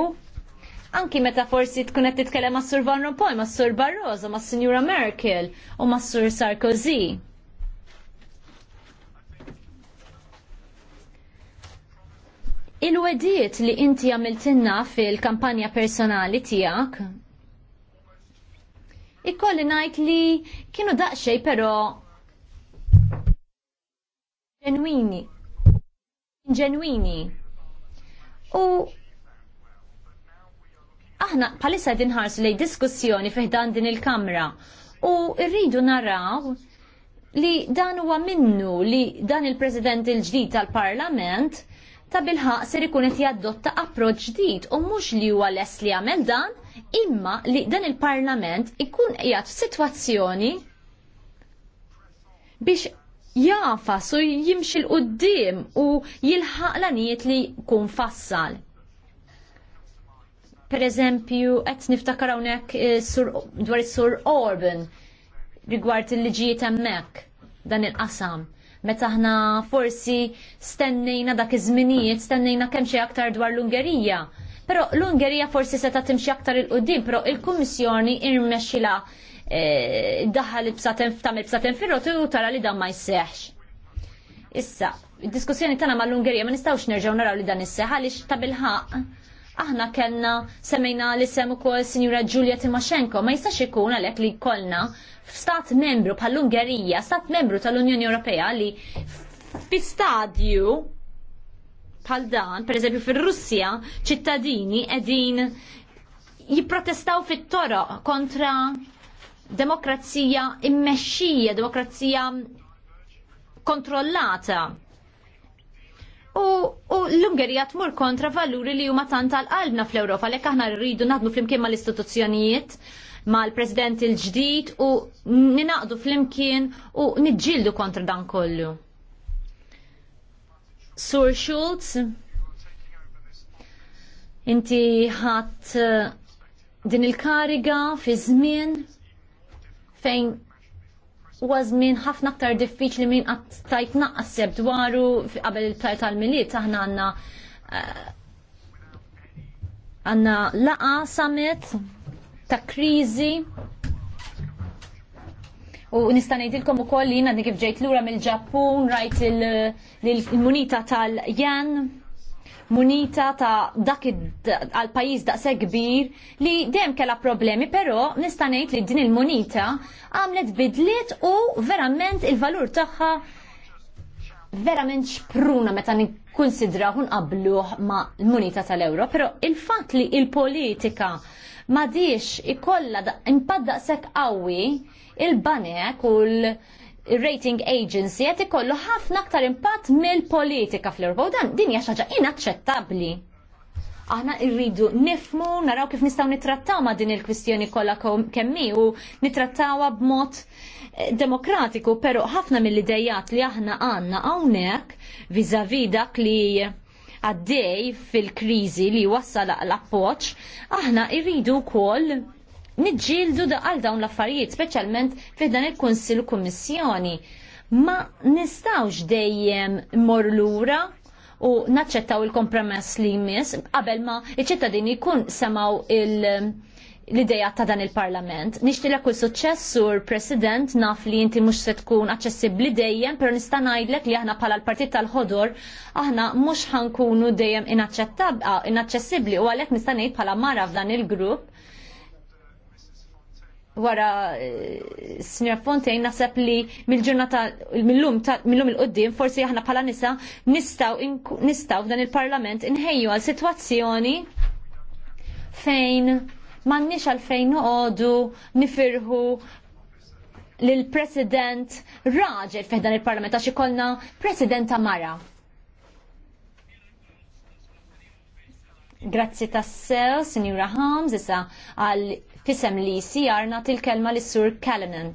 anki meta forsi tkun qed titkellem ma' Sur Van Rompuy, ma' Sur Barroso, ma' Sinjura Merkel u ma' Sur Sarkozy. il wediet li inti għamiltinna fil-kampanja personali tijak, ikkolli najt li kienu daqxej pero ġenwini ġenwini. U aħna palissa dinħarsu li diskussjoni fiħdan din il-kamra u rridu naraw li dan huwa minnu li dan il-President il-ġdid tal-Parlament ta' bilħaq ser ikun qed jadotta approċ ġdid u mhux li huwa les li għamel dan, imma li dan il-Parlament ikun qiegħed f'sitwazzjoni biex jafas su jimxi l-qoddim u jilħaq l għaniet li kun fassal. Per eżempju, qed niftakar hawnhekk eh, dwar is-Sur Orban rigward il-liġijiet hemmhekk dan il-qasam meta ħna forsi stennejna dak iż-żminijiet, stennejna kemm xi aktar dwar l-Ungerija. Però l-Ungerija forsi seta timxi aktar il-qudiem, però il-Kummissjoni irmexxila E, daħal tamil bsaten firrotu u tara li dan ma jisseħx. Issa, id-diskussjoni tagħna mal-Ungerija ma nistgħux nerġgħu naraw li dan is-seħħ għaliex ta' bilħaq aħna kellna semmejna li sem ukoll Sinjura Giulia Timoshenko ma jistax ikun għalhekk li jkollna f'stat membru bħall-Ungerija, stat membru tal-Unjoni Ewropea li fi stadju bħal dan, pereżempju fir-Russja, ċittadini qegħdin jipprotestaw fit-toroq kontra demokrazija immexxija, demokrazija kontrollata. U, u l-Ungerija tmur kontra valuri li huma tant tal-qalbna fl-Ewropa, lek aħna rridu naħdmu flimkien mal-istituzzjonijiet, mal-President il-ġdid u ninaqdu flimkien u niġġieldu kontra dan kollu. Sur Schulz, inti ħadd eh, din il-kariga fi żmien fejn was żmien ħafna aktar diffiċli min qatt tajt seb dwaru qabel il-tajt tal-miliet aħna għandna eh, għandna laqa summit ta' kriżi U nista' ngħidilkom ukoll li jiena kif ġejt lura mill-Ġappun rajt il-munita tal-jan munita ta' dak għal pajjiż daqse kbir li dejjem kellha problemi, però nista' ngħid li din il-munita għamlet bidliet u verament il-valur tagħha verament xpruna meta nikkonsidraw nqabluh ma' l-munita tal-Ewro, però il-fatt li il-politika ma diex ikolla impadda sek qawwi il-banek u l- rating agency qed ikollu ħafna aktar impatt mill-politika fl europa u dan din hija xi ħaġa inaċċettabbli. Aħna rridu nifmu, naraw kif nistgħu nittrattaw ma' din il-kwistjoni kollha kemmi u nittrattawha b'mod eh, demokratiku, però ħafna mill-idejat li aħna għandna hawnhekk viżavi dak li għaddej fil-kriżi li wassal l-appoġġ, aħna rridu wkoll nġildu għal dawn l-affarijiet, specialment dan il u Kummissjoni. Ma nistawx dejjem mor lura u naċċettaw il-kompromess li jmiss qabel ma iċ-ċittadini jkun semaw il- l-ideja ta' dan il-parlament. Nixtilek kull suċċess sur President naf li inti mhux se tkun aċċessibbli dejjem, pero nista' ngħidlek li aħna bħala l-Partit tal-Ħodor aħna mhux ħankunu dejjem inaċċessibbli u għalhekk nista' ngħid bħala mara f'dan il-grupp wara eh, Sinjor Fontaine naħseb li mill-ġurnata mill-lum mill il-qoddim forsi aħna bħala nisa nistgħu nistgħu f'dan il-Parlament inħejju għal sitwazzjoni fejn m'għandniex għal fejn noqogħdu nifirħu lil president raġel f'dan il-Parlament għax ikollna presidenta mara. Grazzi tassew, Sinjura Hams, issa għal Fisem li sijarna til-kelma li sur Callanan.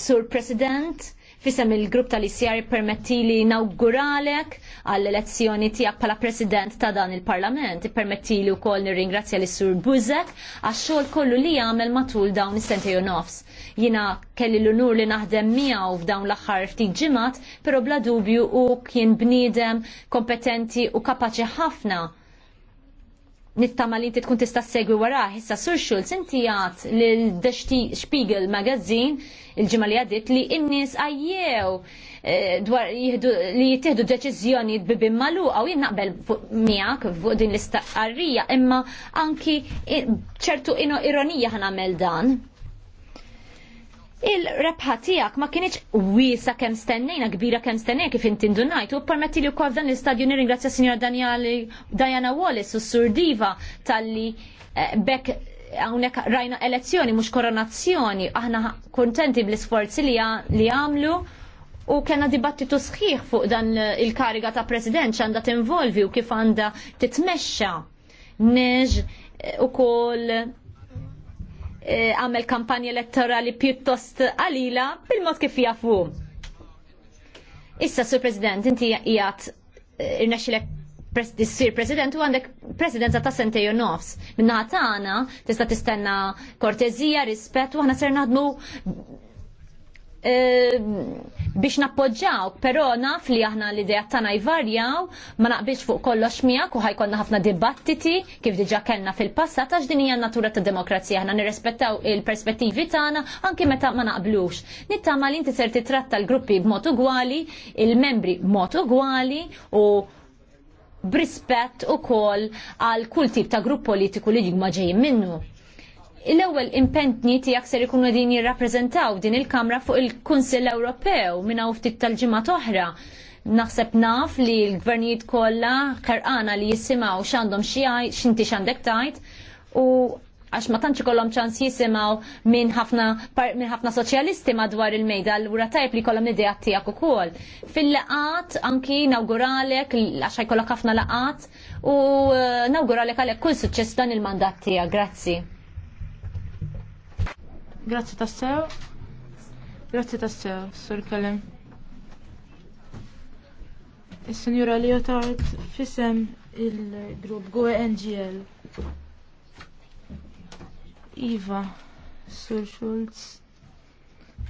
Sur President, fisem il-grupp tal-ICR permetti li inauguralek għall-elezzjoni tijak pala president ta' dan il-parlament. Permetti li u koll nirringrazzja li sur Buzek għaxxol kollu li għamel matul dawn is-sentej nofs. Jina kelli l-unur li naħdem miegħu f'dawn l-aħħar ftit ġimgħat, però bla dubju u kien bniedem kompetenti u kapaċi ħafna nittama li tkun tista' segwi wara, issa Sur Schulz inti għad lil The Spiegel magazzin, il-ġimgħa li għadit li n-nies għajjew eh, dwar li jittieħdu deċiżjoni bibim maluqa u jien naqbel miegħek fuq din l-istaqarrija imma anki ċertu ironija ħanamel dan il-rebħa tijak ma kienieċ wisa kem stennejna, kbira kem stennejna kif ndunajt. u permetti li u kol dan l-istadju nirringrazzja signora Diana Wallis u surdiva tal-li eh, bekk għawnek rajna elezzjoni, mux koronazzjoni, aħna kontenti bl-sforzi li għamlu u kena dibattitu sħiħ fuq dan eh, il-kariga ta' president xanda tinvolvi u kif għanda titmexxa. Neġ eh, u kol Eh, għamel kampanja elettorali pjuttost għalila bil-mod kif jafu. Issa, Sur President, inti jgħat eh, irnexilek sir president u għandek presidenza ta' Sentejo nofs. Minna għana tista' tistenna kortezija, rispett u għana ser naħdmu Eh, biex nappoġġaw, però naf li aħna l-idea tagħna jvarjaw, ma naqbilx fuq kollox miegħek u ħajkonna ħafna dibattiti kif diġà kellna fil-passat għax din hija natura ta' demokrazija aħna nirrispettaw il-perspettivi tagħna anke meta ma naqblux. Nittama li inti ser titratta l-gruppi b'mod ugwali, il-membri b'mod ugwali u brispett ukoll għal kull tip ta' grupp politiku li ma ġejjin minnu l-ewwel impentni tiegħek ser ikunu din jirrappreżentaw din il-Kamra fuq il-Kunsill Ewropew minn hawn ftit tal-ġimgħa oħra. Naħseb naf li l-gvernijiet kollha karqana li jissimgħu x'għandhom xi x'inti x'għandek tajt u għax ma tantx ikollhom ċans jisimgħu minn ħafna minn ħafna soċjalisti madwar il-mejda allura tajb li kollhom idea tiegħek ukoll. Fil-laqat anki nawguralek għax ħajkollok ħafna laqat u eh, nawguralek għalhekk kull suċċess dan il-mandat tiegħek. Grazzi. Grazzi tassew. Grazzi tassew, sur Kalim. Is-Sinjura Leotard fisem il-grupp GUE NGL. Iva, Sur Schulz,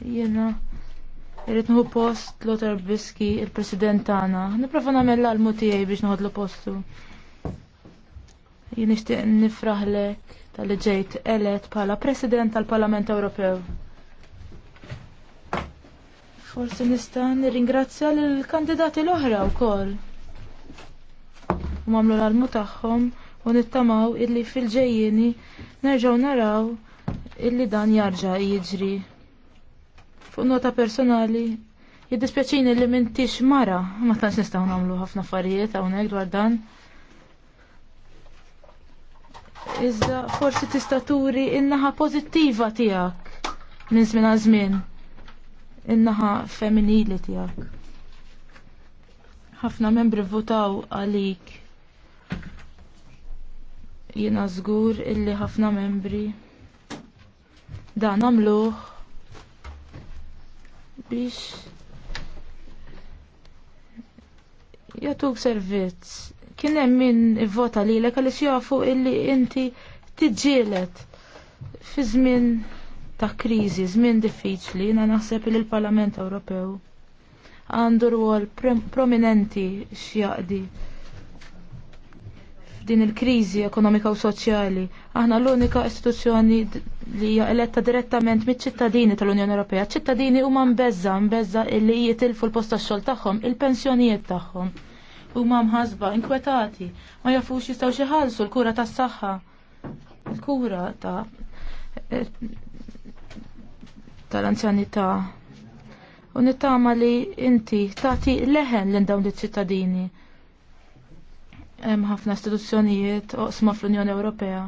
jena, irrit nħu post Lothar Biski, il-president tagħna. Niprofa nagħmel l-almu tiegħi biex nħodlu postu. Jien nixtieq nifraħlek tal ġejt elet bħala President tal-Parlament Ewropew. Forsi nista' nirringrazzja lill-kandidati l-oħra wkoll. U mamlu l-almu tagħhom u nittamaw illi fil ġejjini nerġgħu naraw illi dan jarġa' jiġri. Fuq nota personali, jiddispjaċini li m'intix mara, ma tantx nistgħu nagħmlu ħafna affarijiet hawnhekk dwar dan iżda forsi tista' turi in-naħa pożittiva tiegħek minn żmien għal żmien. In-naħa femminili tiegħek. Ħafna membri votaw għalik. Jiena żgur illi ħafna membri dan għamluh biex jatuk servizz Kien hemm min ivvota lilek għaliex jafu illi inti tiġġielet fi żmien ta' kriżi, żmien diffiċli, na naħseb li l-Parlament Ewropew għandu rwol prominenti x'jaqdi din il-kriżi ekonomika u soċjali. Aħna l-unika istituzzjoni li hija eletta direttament miċ ċittadini tal-Unjoni Ewropea. ċittadini huma mbeżza, mbeżza illi jitilfu l-post tax-xogħol tagħhom, il-pensjonijiet tagħhom huma mħasba, inkwetati, ma jafux jistgħu xieħalsu l-kura tas-saħħa. l kura ta' eh, tal-anzjanità. U nittama li inti tagħti leħen lil dawn iċ-ċittadini. Hemm ħafna istituzzjonijiet oqsma fl-Unjoni Ewropea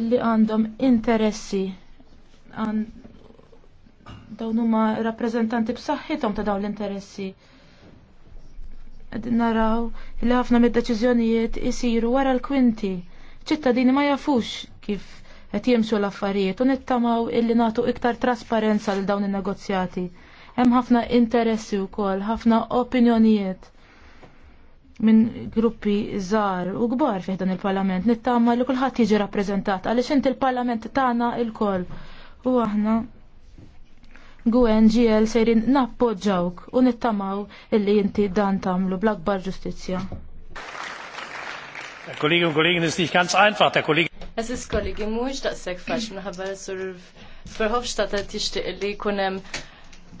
illi għandhom interessi dawn huma rappreżentanti b'saħħithom ta' dawn l-interessi. Għadin naraw li ħafna mid-deċiżjonijiet isiru wara l-kwinti. ċittadini ma jafux kif qed jimxu l-affarijiet u nittamaw illi nagħtu iktar trasparenza l dawn in-negozjati. Hemm ħafna interessi wkoll, ħafna opinjonijiet minn gruppi żgħar u kbar fih dan il-Parlament nittama li kulħadd jiġi rappreżentat għaliex inti l-Parlament tagħna il-koll u aħna GUNGL sejrin nappoġġawk u nittamaw illi jinti dan tamlu bl-akbar ġustizzja. Kollegi u kollegi, nis nicht ganz einfach, der kollegi. Es ist kollegi, mux daqseg faċ, minħabba sur Verhofstadt tixtiq li kunem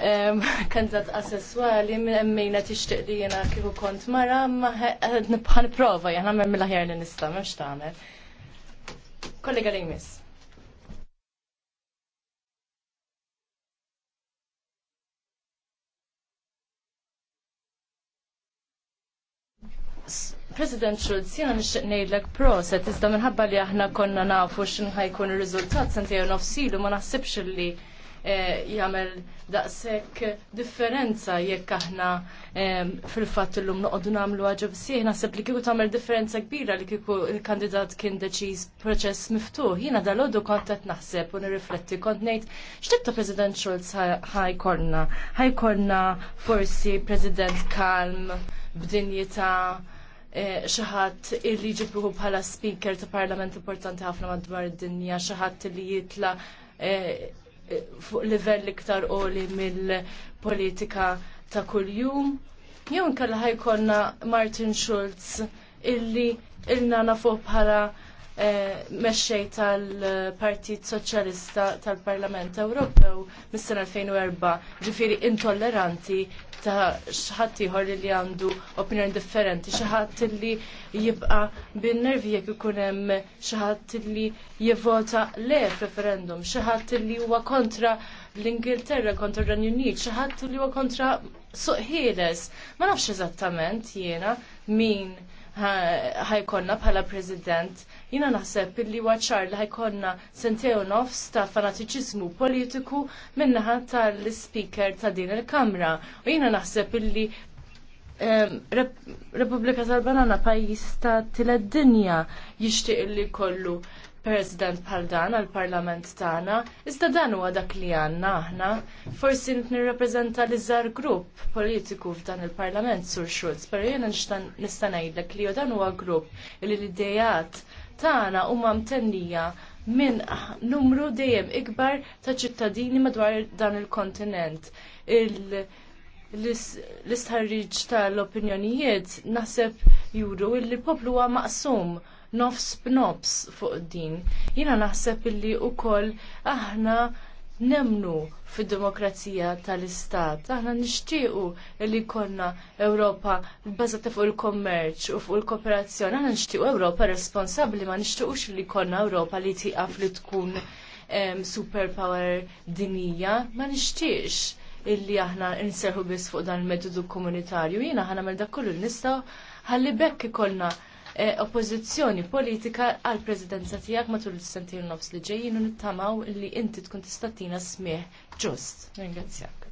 kandidat assessuali minn emmejna tixtiq li jena kieku kont mara, ma nibħan prova, jena memmila ħjar li nista, memx taħmel. Kollega li jmiss. President Schulz, jena nixtieq ngħidlek proset, iżda minħabba li aħna konna nafu x'in ħajkun ir-riżultat sentejn nofsilu ma naħsibx li eh, jagħmel daqshekk differenza jekk aħna eh, fil-fatt illum noqogħdu nagħmlu għaġeb sieħ naħseb li kieku tagħmel differenza kbira li kieku il-kandidat kien deċiż proċess miftuħ. Jiena dalodu kont qed naħseb u nirrifletti kont ngħid x'tib ta' President Schulz ħajkorna. Ħajkorna forsi President kalm b'dinjità Eh, xaħat illi ġibruħu bħala speaker ta' parlament importanti ħafna madwar id-dinja, xaħat illi jitla eh, fuq livell iktar qoli mill-politika ta' kuljum. Jew nkella ħajkonna Martin Schulz illi ilna nafu bħala Eh, mexxej tal-Partit Soċjalista tal-Parlament Ewropew mis-sena 2004, ġifieri intolleranti ta' xaħat ieħor li għandu opinjoni differenti, xaħat li jibqa bin-nervi jek ikun hemm xaħat li jivvota le f'referendum, xaħat li huwa kontra l-Ingilterra kontra r-Renju Unit, xaħat li huwa kontra suq Ma nafx eżattament jiena min ħajkonna bħala president, jina naħseb illi waċar li ħajkonna sentew nofs ta' fanatiċizmu politiku minnaħa tal-speaker ta' din il-kamra. U jina naħseb illi Repubblika tal-Banana pajis ta' tila dinja jishtiq illi kollu President bħal dan għall parlament tagħna, iżda dan huwa dak li għandna aħna. Forsi nirrappreżenta li żar grupp politiku f'dan il-Parlament sur Schulz, però jiena nista' ngħidlek li dan huwa grupp li l-idejat tagħna huma mtennija minn numru dejjem ikbar ta' ċittadini madwar dan il-kontinent. L-istħarriġ tal-opinjonijiet naħseb juru li poplu huwa maqsum nofs b'nofs fuq din. Jiena naħseb illi wkoll aħna nemnu fid-demokrazija tal-istat. Aħna nixtiequ li jkollna Ewropa bbażata fuq il-kommerċ u fuq il-kooperazzjoni. Aħna nixtiequ Ewropa responsabbli ma nixtiequx li jkollna Ewropa li tieqaf li tkun um, superpower dinija, ma nixtiex illi aħna nserħu biss fuq dan il-metodu komunitarju. Jiena aħna mel dak kollu nistgħu ħalli bekk ikollna E, oppożizzjoni politika għall prezidenza tiegħek matul is-sentin nofs li ġejjin u nittamaw li inti tkun tista' tina smih ġust. Ringrazzjak.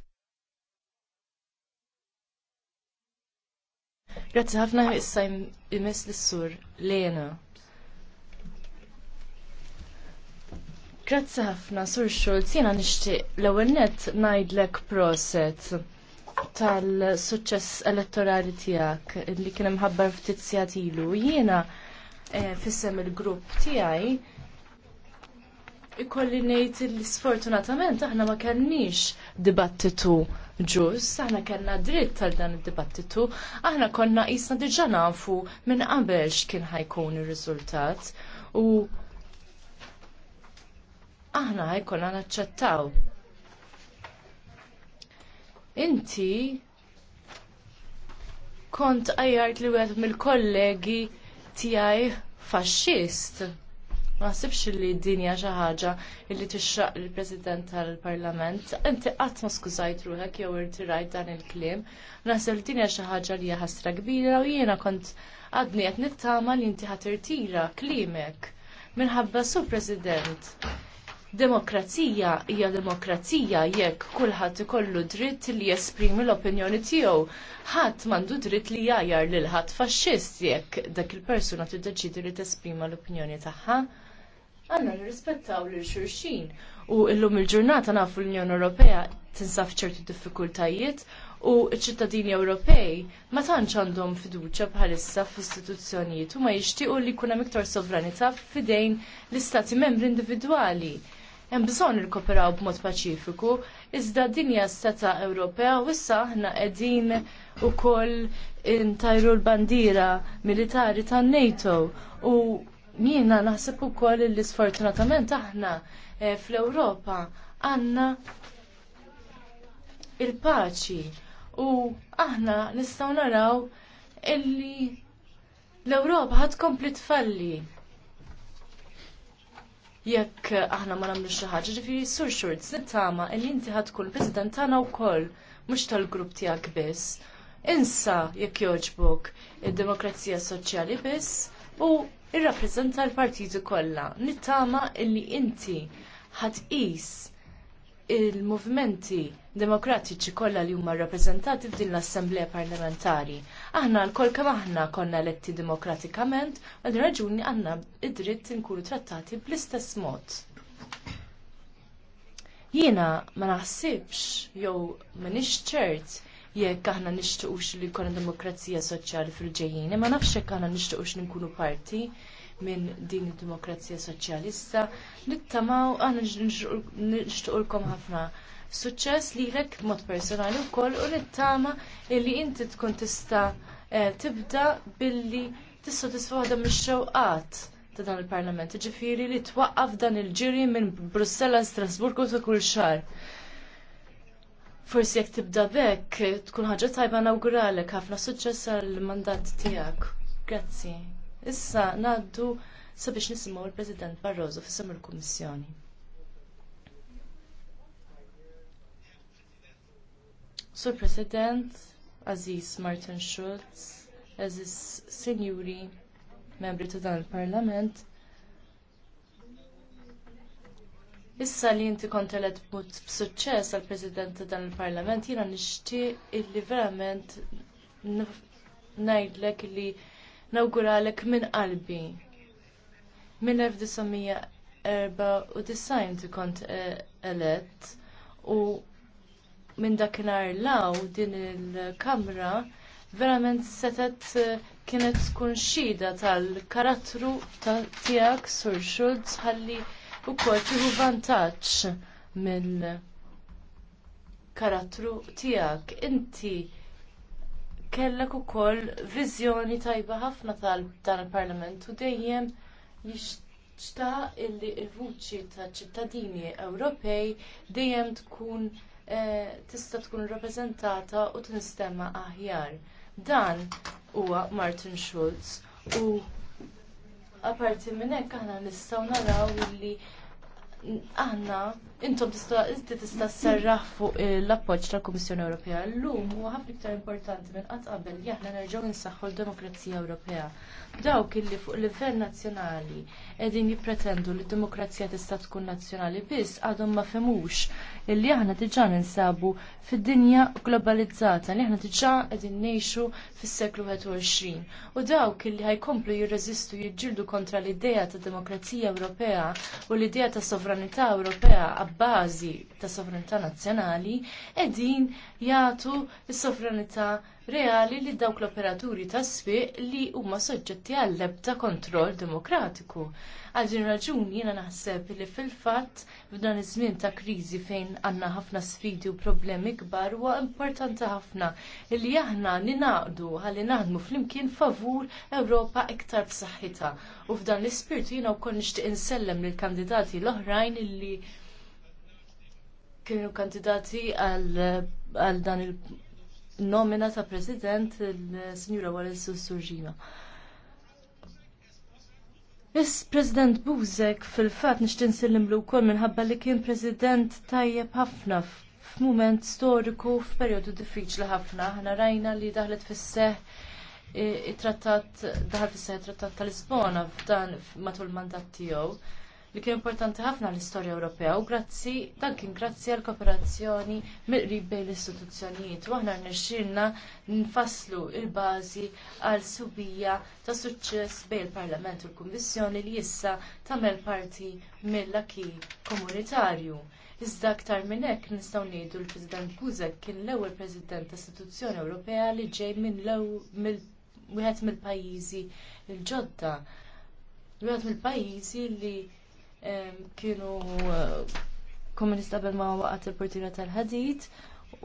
Grazzi ħafna issa jmiss l-sur Lena. Grazzi ħafna, Sur Schulz, jena nishtiq l-ewwel net ngħidlek proset tal-suċċess elettorali tiegħek li kien imħabbar ftit ilu. Jiena eh, fissem il-grupp tiegħi ikolli ngħid li sfortunatament aħna ma kellniex dibattitu ġus, aħna kellna dritt tal dan id-dibattitu, aħna konna qisna diġà nafu minn qabel x'kien ħajkun ir-riżultat u aħna ħajkonna naċċettaw Inti kont għajjart li għed mill-kollegi tijaj fasċist. Ma sibx li d-dinja ħaġa illi tixraq il-President tal-Parlament. Inti qatt ma skużajt ruħek jew rajt dan il-klim. Naħseb li dinja xi ħaġa li hija kbira u jiena kont għadni qed nittama li inti ħatirtira klimek minħabba su President. Demokrazija hija demokrazija jekk kulħadd ikollu dritt li jesprimi l-opinjoni tiegħu. Ħadd m'għandu dritt li jajjar lil ħadd faxxist jekk dak il-persuna tiddeċidi li tesprima l-opinjoni tagħha. Għanna nirrispettaw lil xulxin u llum il-ġurnata nafu l-Unjoni Ewropea tinsaf ċertu diffikultajiet u ċ-ċittadini Ewropej ma tantx għandhom fiduċja bħalissa f'istituzzjonijiet u ma jixtiequ li jkun hemm iktar sovranità f'idejn l-istati membri individwali hemm bżonn irkoperaw b'mod paċifiku, iżda dinja hija seta Ewropea wissa issa aħna qegħdin ukoll intajru l-bandiera militari tan-NATO u jiena naħseb ukoll li sfortunatament aħna eh, fl-Ewropa għandna il-paċi u aħna nistgħu naraw illi l-Ewropa ħadd kompli tfalli jekk aħna ma nagħmlu xi ħaġa, ġifieri sur xorts nittama li inti ħad tkun president tagħna wkoll mhux tal-grupp tiegħek biss. Insa jekk jogħġbok id-demokrazija soċjali biss u irrappreżenta l-partiti kollha. Nittama li inti ħad qis il-movimenti demokratiċi kollha li huma rrappreżentati f'din l-Assemblea Parlamentari. Aħna l-kol kemm aħna konna eletti demokratikament, għal raġuni għandna id-dritt inkunu trattati bl-istess mod. Jiena ma naħsibx jew m'inhix ċert jekk aħna nixtiequx li jkollna demokrazija soċjali fil-ġejjin, ma nafx jekk aħna nixtiequx li nkunu parti minn din id-demokrazija soċjalista. Nittamaw għana nixtuqulkom ħafna suċċess li lek mod personali wkoll u nittama li inti tkun tista eh, tibda billi tista' waħda mix-xewqat ta' dan il-Parlament, ġifiri li twaqqaf dan il-ġiri minn Brussella, Strasburgu ta' kull xar. Forsi jekk tibda bekk, tkun ħaġa tajba nawguralek ħafna suċċess għall mandat tiegħek. Grazzi. Issa ngħaddu sabiex nisimgħu l-President Barroso f'isem il-Kummissjoni. Sur President, Aziz Martin Schulz, Aziz Sinjuri, membri ta' dan il-Parlament, Issa li inti kontelet b'mod b'suċċess għal President ta' dan il-Parlament, jiena nixtieq illi verament ngħidlek li nawguralek minn qalbi. minn 1994 inti kont eh, elett u minn dakinhar law din il-kamra verament setet eh, kienet tkun xida tal-karattru tiegħek Sur Schultz ħalli wkoll tieħu vantaġġ mill-karattru tiegħek. Inti kellek ukoll viżjoni tajba ħafna tal dan il-Parlament u dejjem jixta illi il-vuċi ta' ċittadini Ewropej dejjem tkun eh, tista' tkun rappreżentata u tinstema aħjar. Dan huwa Martin Schulz u apparti minn hekk aħna nistgħu naraw li aħna intom tista' inti tista' sserraħ fuq l-appoġġ tal-Kummissjoni Ewropea. Llum huwa ħafna iktar importanti minn qatt qabel li aħna nerġgħu nsaħħu l-demokrazija Ewropea. Dawk illi fuq livell nazzjonali qegħdin jippretendu li d-demokrazija tista' tkun nazzjonali biss għadhom ma femux illi aħna diġà ninsabu fid-dinja globalizzata li aħna diġà qegħdin ngħixu fis-seklu 21. U dawk illi ħajkomplu jirreżistu jiġġieldu kontra l-idea ta' demokrazija Ewropea u l-idea ta' sovranità Ewropea bażi ta' sovranità nazzjonali qegħdin jagħtu s-sovranità reali li dawk l-operaturi tas swieq li huma soġġetti għall ebda kontroll demokratiku. Għal din raġuni jiena naħseb li fil-fatt f'dan iż-żmien ta' kriżi fejn għandna ħafna sfidi u problemi kbar huwa importanti ħafna li aħna ninaqdu ħalli naħdmu flimkien favur Ewropa iktar b'saħħitha. U f'dan l-ispirtu jiena wkoll nixtieq insellem lill-kandidati l-oħrajn illi kienu kandidati għal dan il-nomina ta' president il-Sinjura Walis Surġina. Is President Buzek fil-fat nixtin sillimlu kol minħabba li kien President tajjeb ħafna f'mument storiku f'perjodu diffiċli ħafna. Ħna rajna li daħlet fis-seħ it-trattat daħal fis-seħ trattat daħlet fis seħ trattat tal lisbona f'dan matul mandat tiegħu li kien importanti ħafna l-istorja Ewropea u grazzi dan kien grazzi għal kooperazzjoni mill-qrib bejn l-istituzzjonijiet u aħna rnexxielna nfasslu l-bażi għal subija ta' suċċess bejn il-Parlament u l-Kummissjoni li issa tagħmel parti mill-aki komunitarju. Iżda aktar minn hekk nistgħu ngħidu l-President Kuzek kien l-ewwel President ta' Istituzzjoni Ewropea li ġej minn wieħed mill-pajjiżi l-ġodda. Wieħed mill-pajjiżi li kienu eh, komunista qabel ma waqat il-portira tal-ħadid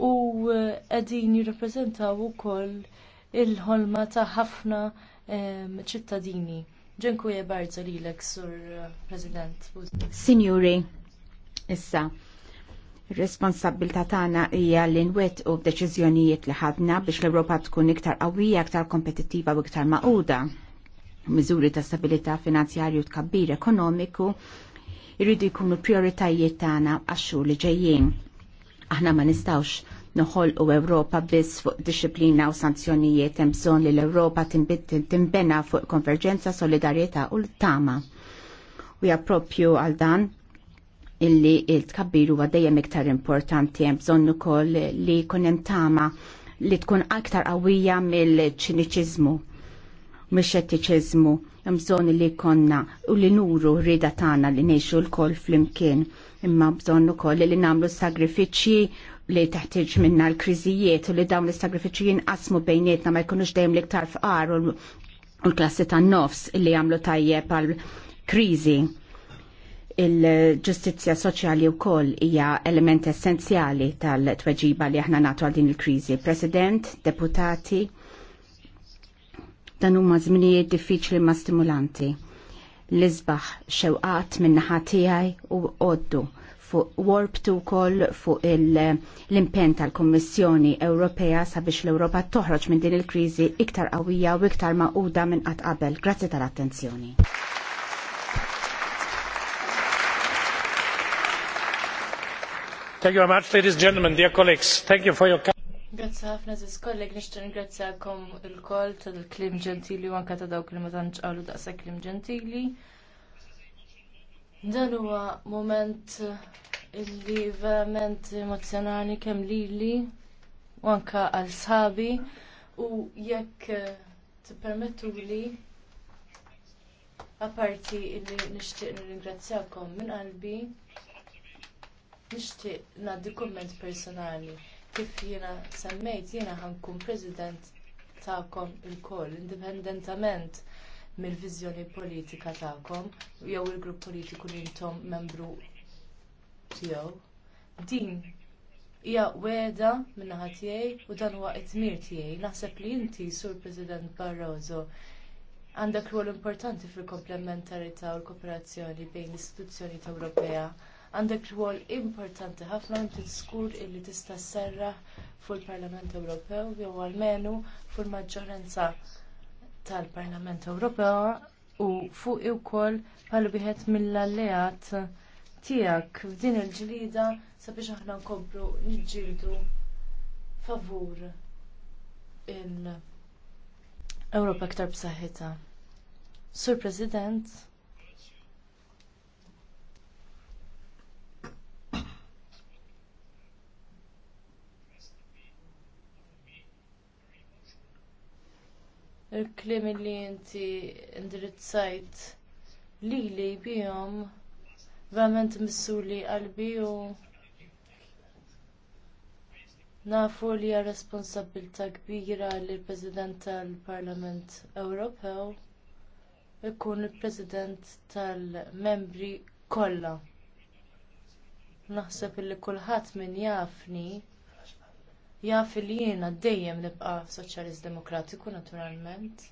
u qegħdin eh, jirrappreżentaw ukoll il-ħolma ta' ħafna ċittadini. Ġenkuja bardzo lilek, sur eh, President. Signori, issa, Responsabilità tagħna hija li nwettqu deċiżjonijiet li ħadna biex l-Ewropa tkun iktar qawwija, iktar kompetittiva u iktar maquda miżuri ta' stabilità finanzjarju tkabbir ekonomiku irridu jkunu prioritajiet tagħna għax-xhur li ġejjin. Aħna ma nistawx noħolqu Ewropa biss fuq disciplina u sanzjonijiet hemm bżonn li l-Ewropa timbena fuq konverġenza, solidarjetà u l-tama. U jappropju għal dan illi il-tkabbir huwa dejjem iktar importanti hemm bżonn ukoll li jkun hemm tama li tkun aktar qawwija mill-ċiniċiżmu mis xettiċiżmu bżonn li konna u li nuru rida tagħna li ngħixu l flimkien imma bżonn ukoll li nagħmlu sagrifiċċji li taħtieġ minna l-kriżijiet u li dawn l-sagrifiċċji jinqasmu bejnietna ma jkunux dejjem l-iktar fqar u l-klassi tan-nofs li jagħmlu tajjeb għal kriżi il-ġustizja soċjali u koll hija element essenzjali tal-tweġiba li aħna natu għal din il-kriżi. President, deputati, Dan huma żminijiet diffiċli ma' stimulanti. L-isbaħ xewqat min-naħa tiegħi u għoddu fuq warptu wkoll fuq l-impen tal kummissjoni Ewropea sabiex l-Ewropa toħroġ minn din il-kriżi iktar qawwija u iktar maquda minn qatt qabel. Grazzi tal-attenzjoni. Thank you very much, ladies and gentlemen, dear colleagues. Thank you for your Grazzi ħafna ziz kolleg, nishtan ringrazzakom il-koll tal-klim ġentili u anka ta' dawk li ma tantx qalu daqsa klim ġentili. Dan huwa moment illi verament emozjonali kemm lili u anka għal sħabi u jekk tippermettu li aparti illi nixtieq nirringrazzjakom minn qalbi nixtieq ngħaddi kumment personali kif jiena semmejt jiena ħankun president tagħkom ilkoll indipendentament mill-viżjoni politika tagħkom jew il-grupp politiku li intom membru tiegħu. Din hija weda min-naħa tiegħi u dan huwa t-tmir tiegħi. Naħseb li inti sur President Barroso għandek rwol importanti fil-komplementarità u l-kooperazzjoni bejn l-istituzzjoni Ewropea għandek rwol importanti ħafna inti skur illi tista' sserraħ fuq il-Parlament Ewropew jew almenu fuq il-maġġoranza tal-Parlament Ewropew u fuq ukoll bħal wieħed mill-alleat tiegħek f'din il-ġlida sabiex aħna nkomplu niġġieldu favur il-Ewropa aktar b'saħħitha. Sur President, il klimi li inti indirizzajt lili bihom verament missuli qalbi u nafu li hija responsabbilta kbira li l-President tal-Parlament Ewropew ikun il-President tal-membri kollha. Naħseb li kulħadd min jafni jaf li jiena dejjem nibqa soċjalist demokratiku naturalment.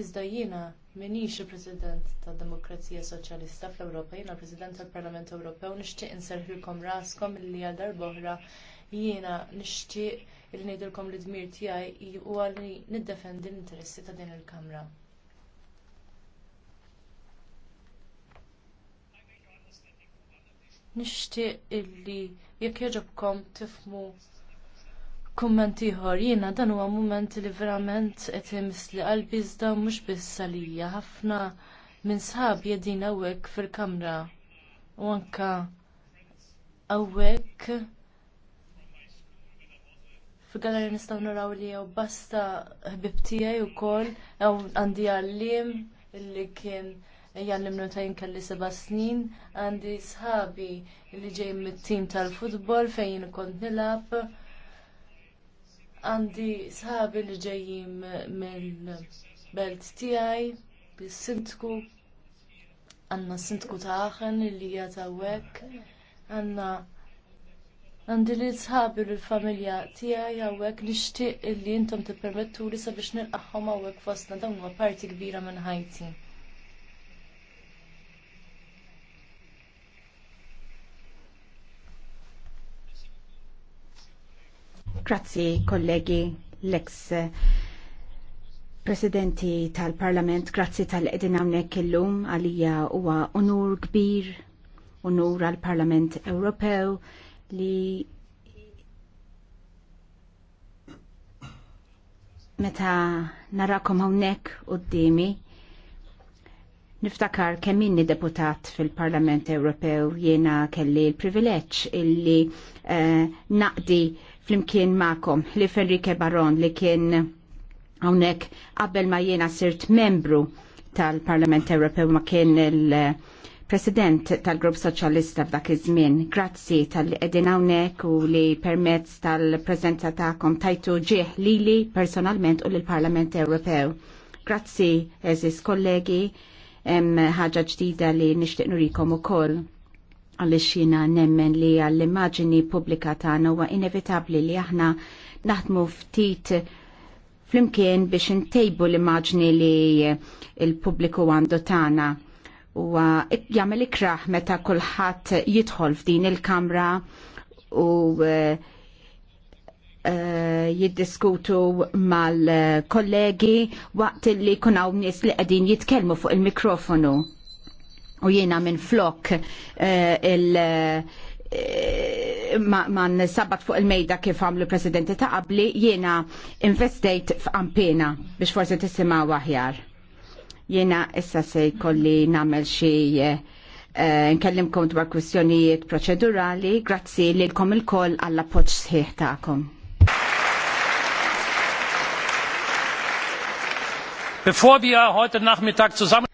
Iżda jiena minix il-President tad Demokrazija Soċjalista fl-Ewropa, jiena President tal-Parlament Ewropew nixtieq inserħilkom raskom li għal darb'oħra jiena nixtieq li ngħidilkom li dmir tiegħi huwa li niddefendi l-interessi ta' din il-Kamra. nixtieq illi jekk jogħġobkom tifhmu Kumment ieħor jiena dan huwa mument li verament qed imsli qalbi iżda mhux biss għalija ħafna minn sħabi jedin hawnhekk fil-kamra u anke hawnhekk fil-galerja nistgħu naraw li jew basta ħbib tiegħi wkoll jew għandi għallim illi kien jallimnu ta' jinkalli seba snin, għandi sħabi li ġej mit-tim tal-futbol fejn kont nilab għandi sħabi li ġejjin mill-belt tiegħi bis sintku għandna s-sintku ta' aħen li hija hekk, għandna għandi li sħabi l familja tiegħi hawnhekk nixtieq li intom tippermettuli sabiex nilqaħħom hawnhekk fostna dawn huwa parti kbira minn ħajti. Grazzi kollegi l-ex Presidenti tal-Parlament, grazzi tal-edin għamnek illum għalija huwa onur kbir, onur għal-Parlament Ewropew li meta narakom hawnhekk d-dimi. Niftakar kemm inni deputat fil-Parlament Ewropew jiena kelli l-privileġġ illi uh, naqdi flimkien ma'kom li Fenrique Baron li kien hawnhekk qabel ma jiena sirt membru tal-Parlament Ewropew ma kien il-President tal-Grupp Soċjalista f'dak iż-żmien. Grazzi tal-li qegħdin hawnhekk u li permezz tal-preżenza tagħkom tajtu ġieħ lili personalment u lill-Parlament Ewropew. Grazzi, eżis kollegi, hemm ħaġa ġdida li nixtieq nurikom ukoll għalix jina nemmen li għall-immaġini publika tagħna huwa inevitabli li aħna naħdmu ftit flimkien biex intejbu l-immaġni li il-pubbliku għandu tagħna u jagħmel ikraħ meta kulħadd jidħol f'din il-kamra u eh, eh, jiddiskutu mal-kollegi waqt li hawn nies li qegħdin jitkellmu fuq il-mikrofonu u jiena minn flok eh, il- eh, ma nsabat fuq il-mejda kif għamlu presidenti ta' qabli jiena investejt f'ampina biex forsi tisimgħu aħjar. Jiena issa se jkolli namel xie eh, nkellimkom dwar kwistjonijiet proċedurali, grazzi li l-kom il-koll għall-appoċ sħiħ ta'kom. Bevor wir heute Nachmittag zusammen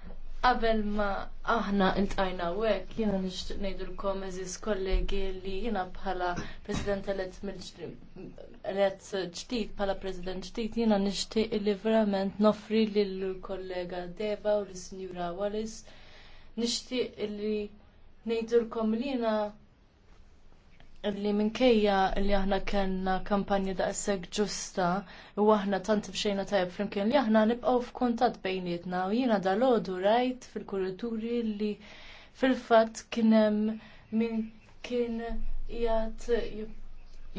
Qabel ma aħna intqajna hekk, jiena nixtieq ngħidulkom eżis kollegi li jiena bħala President elett elett ġdid bħala President ġtit, jiena nixtieq li verament nofri lill kollega Deva u l sinjura Wallis nixtieq li ngħidulkom li jiena li minkejja li aħna kellna kampanja daqshekk ġusta u aħna tant bxejna tajb flimkien li aħna nibqgħu f'kuntat bejnietna u jiena dalodu rajt fil-kurituri li fil-fatt kien hemm min kien qiegħed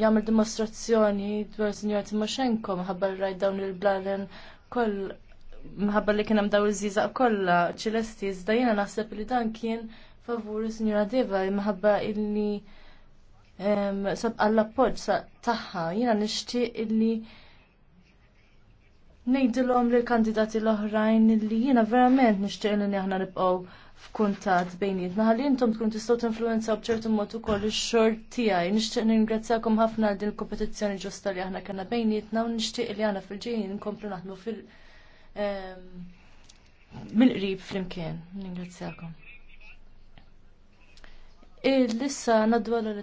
jagħmel dimostrazzjoni dwar Sinjor Timoshenko minħabba rajt dawn il-blalen koll minħabba li kien hemm dawn iż-żiżaq kollha ċilesti iżda jiena naħseb li dan kien favur is Deva minħabba illi għall-appoġġ tagħha jiena nixtieq illi ngħidilhom lill kandidati l-oħrajn illi jiena verament nixtieq li aħna nibqgħu f'kuntat bejnietna Naħal intom tkun tistgħu influenza b'ċertu mod ukoll ix-xogħol tiegħi. Nixtieq ningrazzjakom ħafna għal din il-kompetizzjoni ġusta li aħna kellna bejnietna u nixtieq li aħna fil-ġejjin nkomplu naħdmu fil- mill-qrib flimkien. Ningrazzjakom. Eh, lissa naddu għal